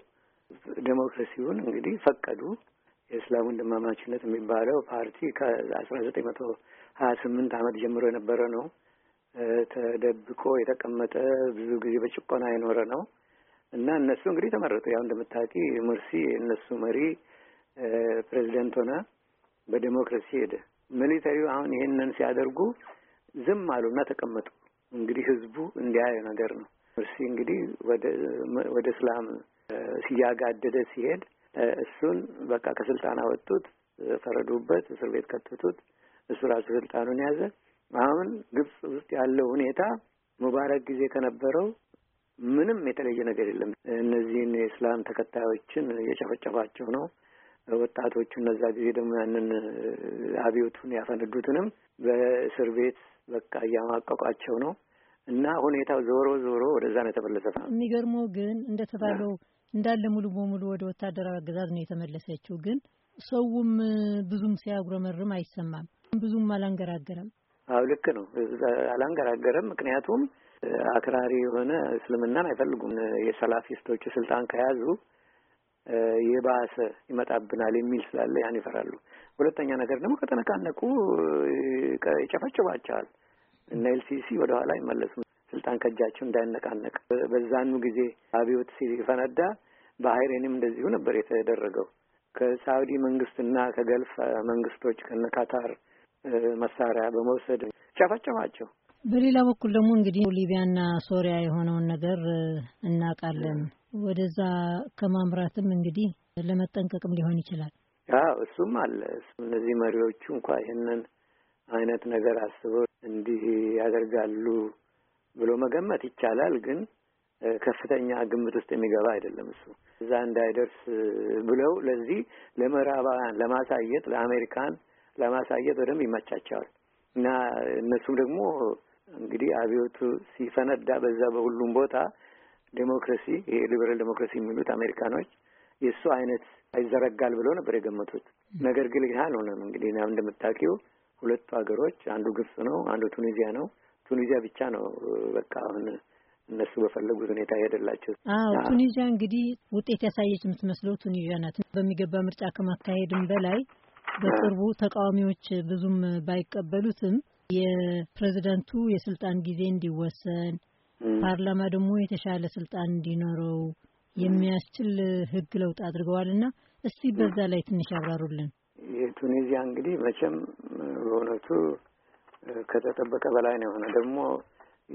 ዴሞክራሲውን እንግዲህ ፈቀዱ። የእስላም ወንድማማችነት የሚባለው ፓርቲ ከአስራ ዘጠኝ መቶ ሀያ ስምንት አመት ጀምሮ የነበረ ነው። ተደብቆ የተቀመጠ ብዙ ጊዜ በጭቆና የኖረ ነው እና እነሱ እንግዲህ ተመረጡ። ያው እንደምታውቂ ሙርሲ እነሱ መሪ ፕሬዚደንት ሆነ፣ በዴሞክራሲ ሄደ። ሚሊተሪው አሁን ይህንን ሲያደርጉ ዝም አሉ እና ተቀመጡ። እንግዲህ ህዝቡ እንዲያየ ነገር ነው። ሙርሲ እንግዲህ ወደ እስላም ሲያጋደደ ሲሄድ እሱን በቃ ከስልጣን አወጡት፣ ፈረዱበት፣ እስር ቤት ከተቱት። እሱ ራሱ ስልጣኑን ያዘ። አሁን ግብጽ ውስጥ ያለው ሁኔታ ሙባረክ ጊዜ ከነበረው ምንም የተለየ ነገር የለም። እነዚህን የእስላም ተከታዮችን እየጨፈጨፋቸው ነው። ወጣቶቹ እነዛ ጊዜ ደግሞ ያንን አብዮቱን ያፈነዱትንም በእስር ቤት በቃ እያማቀቋቸው ነው እና ሁኔታው ዞሮ ዞሮ ወደዛ ነው የተመለሰ። የሚገርመው ግን እንደተባለው እንዳለ ሙሉ በሙሉ ወደ ወታደራዊ አገዛዝ ነው የተመለሰችው። ግን ሰውም ብዙም ሲያጉረመርም አይሰማም፣ ብዙም አላንገራገረም። አዎ ልክ ነው፣ አላንገራገረም። ምክንያቱም አክራሪ የሆነ እስልምናን አይፈልጉም። የሰላፊስቶቹ ስልጣን ከያዙ የባሰ ይመጣብናል የሚል ስላለ ያን ይፈራሉ። ሁለተኛ ነገር ደግሞ ከተነቃነቁ ይጨፈጭባቸዋል እና ኤልሲሲ ወደኋላ አይመለሱም። ስልጣን ከእጃቸው እንዳይነቃነቅ በዛኑ ጊዜ አብዮት ሲፈነዳ ባህሬንም እንደዚሁ ነበር የተደረገው። ከሳዑዲ መንግስትና ከገልፍ መንግስቶች ከነካታር መሳሪያ በመውሰድ ጨፈጨፋቸው። በሌላ በኩል ደግሞ እንግዲህ ሊቢያና ሶሪያ የሆነውን ነገር እናውቃለን። ወደዛ ከማምራትም እንግዲህ ለመጠንቀቅም ሊሆን ይችላል። አዎ እሱም አለ። እነዚህ መሪዎቹ እንኳ ይህንን አይነት ነገር አስበው እንዲህ ያደርጋሉ ብሎ መገመት ይቻላል፣ ግን ከፍተኛ ግምት ውስጥ የሚገባ አይደለም። እሱ እዛ እንዳይደርስ ብለው ለዚህ ለምዕራባውያን ለማሳየት ለአሜሪካን ለማሳየት በደንብ ይመቻቸዋል እና እነሱም ደግሞ እንግዲህ አብዮቱ ሲፈነዳ በዛ በሁሉም ቦታ ዴሞክራሲ ይሄ ሊበራል ዴሞክራሲ የሚሉት አሜሪካኖች የእሱ አይነት ይዘረጋል ብለው ነበር የገመቱት። ነገር ግን ይህ አልሆነም። እንግዲህ እንደምታውቂው ሁለቱ ሀገሮች አንዱ ግብጽ ነው፣ አንዱ ቱኒዚያ ነው። ቱኒዚያ ብቻ ነው በቃ አሁን እነሱ በፈለጉት ሁኔታ ሄደላቸው። አዎ ቱኒዚያ እንግዲህ ውጤት ያሳየች የምትመስለው ቱኒዚያ ናት። በሚገባ ምርጫ ከማካሄድም በላይ በቅርቡ ተቃዋሚዎች ብዙም ባይቀበሉትም የፕሬዚደንቱ የስልጣን ጊዜ እንዲወሰን ፓርላማ ደግሞ የተሻለ ስልጣን እንዲኖረው የሚያስችል ህግ ለውጥ አድርገዋል እና እስቲ በዛ ላይ ትንሽ ያብራሩልን። የቱኒዚያ እንግዲህ መቼም በእውነቱ ከተጠበቀ በላይ ነው የሆነ ደግሞ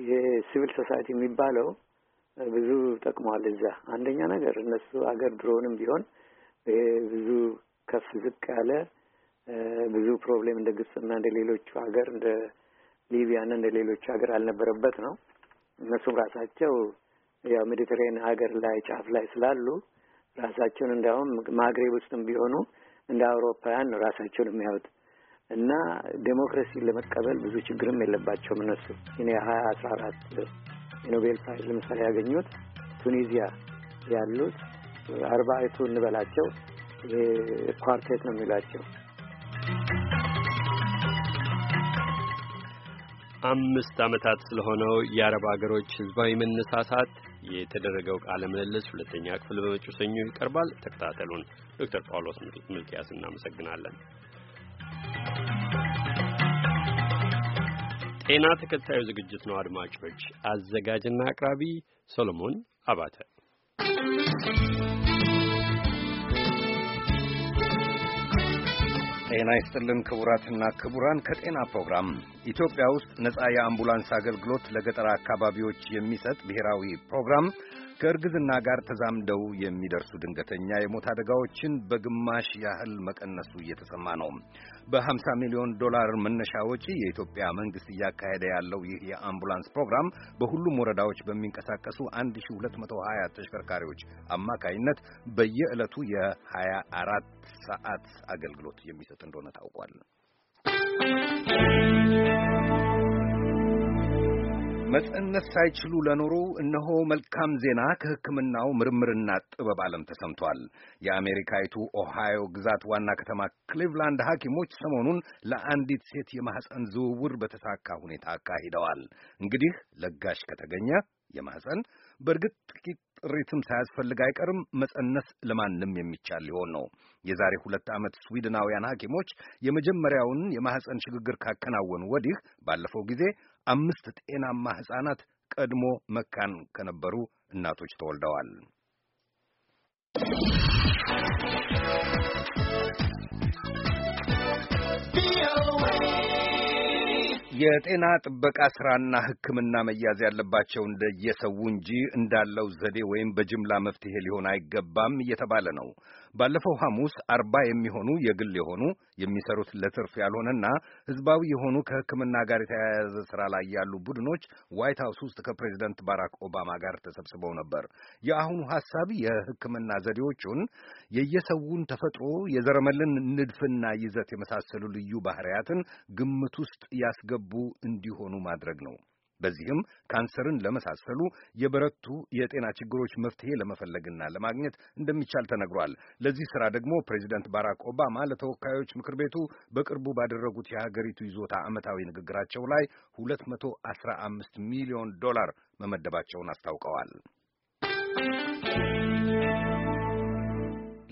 ይሄ ሲቪል ሶሳይቲ የሚባለው ብዙ ጠቅመዋል። እዛ አንደኛ ነገር እነሱ አገር ድሮንም ቢሆን ይሄ ብዙ ከፍ ዝቅ ያለ ብዙ ፕሮብሌም እንደ ግብፅና እንደ ሌሎቹ ሀገር እንደ ሊቢያና እንደ ሌሎቹ ሀገር አልነበረበት ነው። እነሱም ራሳቸው ያው ሜዲትሬን ሀገር ላይ ጫፍ ላይ ስላሉ ራሳቸውን እንዲያውም ማግሬብ ውስጥም ቢሆኑ እንደ አውሮፓውያን ራሳቸውን የሚያዩት እና ዴሞክራሲ ለመቀበል ብዙ ችግርም የለባቸውም እነሱ። እኔ ሀያ አስራ አራት የኖቤል ፕራይዝ ለምሳሌ ያገኙት ቱኒዚያ ያሉት አርባይቱ እንበላቸው ኳርቴት ነው የሚሏቸው። አምስት ዓመታት ስለሆነው የአረብ ሀገሮች ህዝባዊ መነሳሳት የተደረገው ቃለ ምልልስ ሁለተኛ ክፍል በመጪው ሰኞ ይቀርባል። ተከታተሉን። ዶክተር ጳውሎስ ምልኪያስ እናመሰግናለን። ጤና ተከታዩ ዝግጅት ነው። አድማጮች፣ አዘጋጅና አቅራቢ ሰሎሞን አባተ። ጤና ይስጥልን ክቡራትና ክቡራን። ከጤና ፕሮግራም ኢትዮጵያ ውስጥ ነፃ የአምቡላንስ አገልግሎት ለገጠር አካባቢዎች የሚሰጥ ብሔራዊ ፕሮግራም ከእርግዝና ጋር ተዛምደው የሚደርሱ ድንገተኛ የሞት አደጋዎችን በግማሽ ያህል መቀነሱ እየተሰማ ነው። በ50 ሚሊዮን ዶላር መነሻ ወጪ የኢትዮጵያ መንግስት እያካሄደ ያለው ይህ የአምቡላንስ ፕሮግራም በሁሉም ወረዳዎች በሚንቀሳቀሱ 1220 ተሽከርካሪዎች አማካይነት በየዕለቱ የ24 ሰዓት አገልግሎት የሚሰጥ እንደሆነ ታውቋል። መጸነስ ሳይችሉ ለኖሩ እነሆ መልካም ዜና ከሕክምናው ምርምርና ጥበብ ዓለም ተሰምቷል። የአሜሪካዊቱ ኦሃዮ ግዛት ዋና ከተማ ክሊቭላንድ ሐኪሞች ሰሞኑን ለአንዲት ሴት የማህፀን ዝውውር በተሳካ ሁኔታ አካሂደዋል። እንግዲህ ለጋሽ ከተገኘ የማህፀን በእርግጥ ጥቂት ጥሪትም ሳያስፈልግ አይቀርም መጸነስ ለማንም የሚቻል ሊሆን ነው። የዛሬ ሁለት ዓመት ስዊድናውያን ሐኪሞች የመጀመሪያውን የማህፀን ሽግግር ካከናወኑ ወዲህ ባለፈው ጊዜ አምስት ጤናማ ሕፃናት ቀድሞ መካን ከነበሩ እናቶች ተወልደዋል። የጤና ጥበቃ ስራና ሕክምና መያዝ ያለባቸው እንደየሰው እንጂ እንዳለው ዘዴ ወይም በጅምላ መፍትሄ ሊሆን አይገባም እየተባለ ነው። ባለፈው ሐሙስ አርባ የሚሆኑ የግል የሆኑ የሚሰሩት ለትርፍ ያልሆነና ህዝባዊ የሆኑ ከህክምና ጋር የተያያዘ ስራ ላይ ያሉ ቡድኖች ዋይት ሀውስ ውስጥ ከፕሬዚደንት ባራክ ኦባማ ጋር ተሰብስበው ነበር። የአሁኑ ሐሳብ የህክምና ዘዴዎቹን የየሰውን ተፈጥሮ፣ የዘረመልን ንድፍና ይዘት የመሳሰሉ ልዩ ባህሪያትን ግምት ውስጥ ያስገቡ እንዲሆኑ ማድረግ ነው። በዚህም ካንሰርን ለመሳሰሉ የበረቱ የጤና ችግሮች መፍትሄ ለመፈለግና ለማግኘት እንደሚቻል ተነግሯል። ለዚህ ስራ ደግሞ ፕሬዚደንት ባራክ ኦባማ ለተወካዮች ምክር ቤቱ በቅርቡ ባደረጉት የሀገሪቱ ይዞታ ዓመታዊ ንግግራቸው ላይ 215 ሚሊዮን ዶላር መመደባቸውን አስታውቀዋል።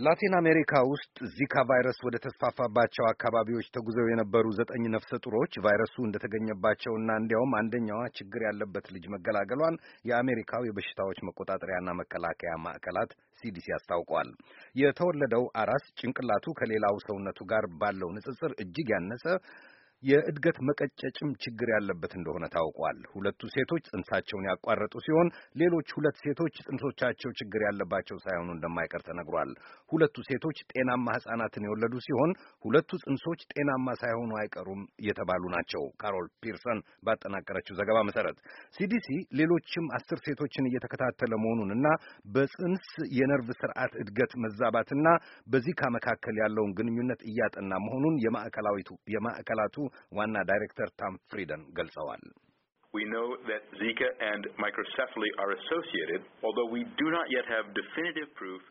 ላቲን አሜሪካ ውስጥ ዚካ ቫይረስ ወደ ተስፋፋባቸው አካባቢዎች ተጉዘው የነበሩ ዘጠኝ ነፍሰ ጡሮች ቫይረሱ እንደተገኘባቸውና እንዲያውም አንደኛዋ ችግር ያለበት ልጅ መገላገሏን የአሜሪካው የበሽታዎች መቆጣጠሪያና መከላከያ ማዕከላት ሲዲሲ አስታውቋል። የተወለደው አራስ ጭንቅላቱ ከሌላው ሰውነቱ ጋር ባለው ንጽጽር እጅግ ያነሰ የእድገት መቀጨጭም ችግር ያለበት እንደሆነ ታውቋል። ሁለቱ ሴቶች ጽንሳቸውን ያቋረጡ ሲሆን ሌሎች ሁለት ሴቶች ጽንሶቻቸው ችግር ያለባቸው ሳይሆኑ እንደማይቀር ተነግሯል። ሁለቱ ሴቶች ጤናማ ሕፃናትን የወለዱ ሲሆን ሁለቱ ጽንሶች ጤናማ ሳይሆኑ አይቀሩም የተባሉ ናቸው። ካሮል ፒርሰን ባጠናቀረችው ዘገባ መሰረት ሲዲሲ ሌሎችም አስር ሴቶችን እየተከታተለ መሆኑንና በጽንስ የነርቭ ስርዓት እድገት መዛባትና በዚካ መካከል ያለውን ግንኙነት እያጠና መሆኑን የማዕከላቱ ዋና ዳይሬክተር ታም ፍሪደን ገልጸዋል። We know that Zika and microcephaly are associated, although we do not yet have definitive proof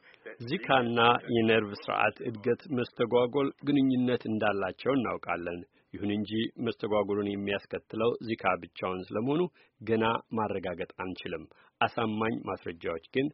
ዚካና የነርቭ ስርዓት እድገት መስተጓጎል ግንኙነት እንዳላቸው እናውቃለን። ይሁን እንጂ መስተጓጎሉን የሚያስከትለው ዚካ ብቻውን ስለመሆኑ ገና ማረጋገጥ አንችልም። አሳማኝ ማስረጃዎች ግን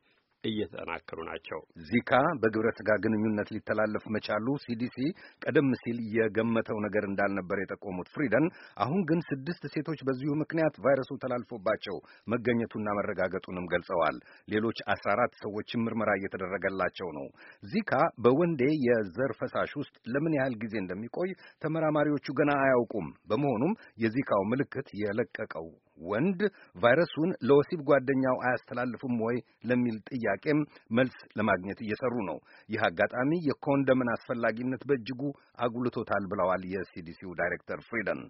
እየተጠናከሩ ናቸው። ዚካ በግብረ ስጋ ግንኙነት ሊተላለፍ መቻሉ ሲዲሲ ቀደም ሲል የገመተው ነገር እንዳልነበር የጠቆሙት ፍሪደን አሁን ግን ስድስት ሴቶች በዚሁ ምክንያት ቫይረሱ ተላልፎባቸው መገኘቱና መረጋገጡንም ገልጸዋል። ሌሎች አስራ አራት ሰዎችም ምርመራ እየተደረገላቸው ነው። ዚካ በወንዴ የዘር ፈሳሽ ውስጥ ለምን ያህል ጊዜ እንደሚቆይ ተመራማሪዎቹ ገና አያውቁም። በመሆኑም የዚካው ምልክት የለቀቀው ወንድ ቫይረሱን ለወሲብ ጓደኛው አያስተላልፍም ወይ ለሚል ጥያቄም መልስ ለማግኘት እየሰሩ ነው። ይህ አጋጣሚ የኮንደምን አስፈላጊነት በእጅጉ አጉልቶታል ብለዋል የሲዲሲው ዳይሬክተር ፍሪደን።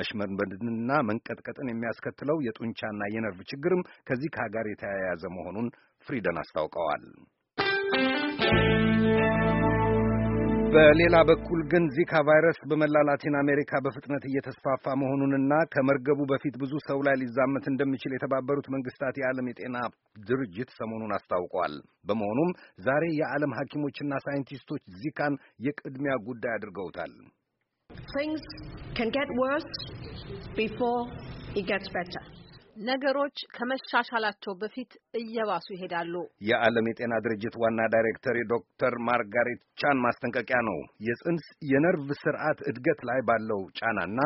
መሽመድመድንና መንቀጥቀጥን የሚያስከትለው የጡንቻና የነርቭ ችግርም ከዚህ ጋር የተያያዘ መሆኑን ፍሪደን አስታውቀዋል። በሌላ በኩል ግን ዚካ ቫይረስ በመላ ላቲን አሜሪካ በፍጥነት እየተስፋፋ መሆኑንና ከመርገቡ በፊት ብዙ ሰው ላይ ሊዛመት እንደሚችል የተባበሩት መንግስታት የዓለም የጤና ድርጅት ሰሞኑን አስታውቋል። በመሆኑም ዛሬ የዓለም ሐኪሞችና ሳይንቲስቶች ዚካን የቅድሚያ ጉዳይ አድርገውታል። Things can get worse before it gets better. ነገሮች ከመሻሻላቸው በፊት እየባሱ ይሄዳሉ። የዓለም የጤና ድርጅት ዋና ዳይሬክተር የዶክተር ማርጋሪት ቻን ማስጠንቀቂያ ነው። የጽንስ የነርቭ ስርዓት እድገት ላይ ባለው ጫናና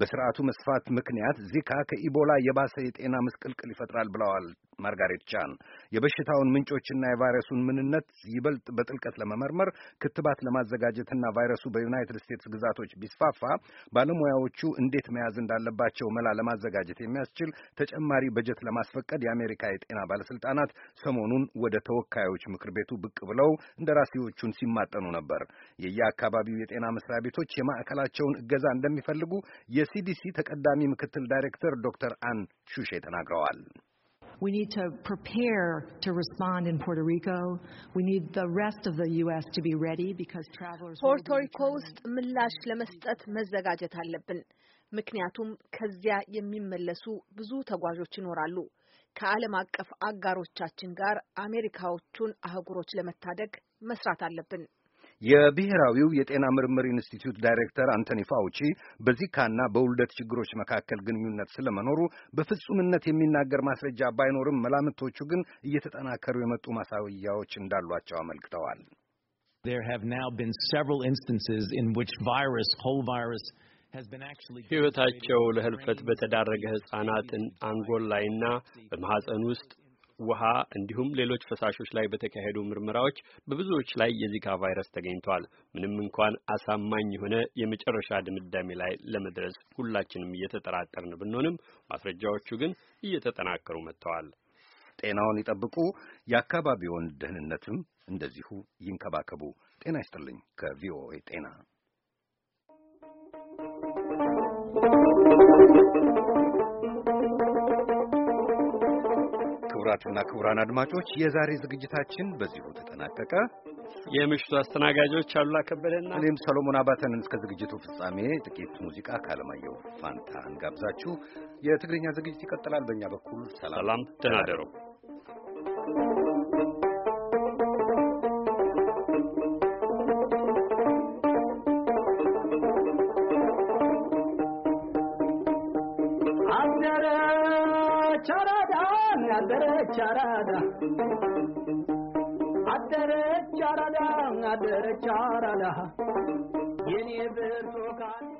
በስርዓቱ መስፋት ምክንያት ዚካ ከኢቦላ የባሰ የጤና ምስቅልቅል ይፈጥራል ብለዋል ማርጋሬት ቻን የበሽታውን ምንጮችና የቫይረሱን ምንነት ይበልጥ በጥልቀት ለመመርመር ክትባት ለማዘጋጀትና ቫይረሱ በዩናይትድ ስቴትስ ግዛቶች ቢስፋፋ ባለሙያዎቹ እንዴት መያዝ እንዳለባቸው መላ ለማዘጋጀት የሚያስችል ተጨማሪ በጀት ለማስፈቀድ የአሜሪካ የጤና ባለስልጣናት ሰሞኑን ወደ ተወካዮች ምክር ቤቱ ብቅ ብለው እንደራሴዎቹን ሲማጠኑ ነበር። የየአካባቢው የጤና መስሪያ ቤቶች የማዕከላቸውን እገዛ እንደሚፈልጉ የሲዲሲ ተቀዳሚ ምክትል ዳይሬክተር ዶክተር አን ሹሼ ተናግረዋል። We need to prepare to respond in Puerto Rico. We need the rest of the U.S. to be ready because travelers. Puerto Rico ምላሽ ለመስጠት መዘጋጀት አለብን። ምክንያቱም ከዚያ የሚመለሱ ብዙ ተጓዦች ይኖራሉ። ከዓለም አቀፍ አጋሮቻችን ጋር አሜሪካዎቹን አህጉሮች ለመታደግ መስራት አለብን። የብሔራዊው የጤና ምርምር ኢንስቲትዩት ዳይሬክተር አንቶኒ ፋውቺ በዚካና በውልደት ችግሮች መካከል ግንኙነት ስለመኖሩ በፍጹምነት የሚናገር ማስረጃ ባይኖርም መላምቶቹ ግን እየተጠናከሩ የመጡ ማሳያዎች እንዳሏቸው አመልክተዋል። There have now been several instances in which virus, whole virus ሕይወታቸው ለህልፈት በተዳረገ ህጻናት አንጎል ላይና በማህፀን ውስጥ ውሃ እንዲሁም ሌሎች ፈሳሾች ላይ በተካሄዱ ምርመራዎች በብዙዎች ላይ የዚካ ቫይረስ ተገኝቷል። ምንም እንኳን አሳማኝ የሆነ የመጨረሻ ድምዳሜ ላይ ለመድረስ ሁላችንም እየተጠራጠርን ብንሆንም ማስረጃዎቹ ግን እየተጠናከሩ መጥተዋል። ጤናውን ይጠብቁ፣ የአካባቢውን ደህንነትም እንደዚሁ ይንከባከቡ። ጤና ይስጥልኝ። ከቪኦኤ ጤና ክቡራትና ክቡራን አድማጮች የዛሬ ዝግጅታችን በዚሁ ተጠናቀቀ። የምሽቱ አስተናጋጆች አሉላ ከበደና እኔም ሰሎሞን አባተን እስከ ዝግጅቱ ፍጻሜ ጥቂት ሙዚቃ ካለማየሁ ፋንታ እንጋብዛችሁ። የትግርኛ ዝግጅት ይቀጥላል። በእኛ በኩል ሰላም፣ ደህና አደረች አራዳ አደረች አራዳ አደረች አራዳ የኔ ብርቱካን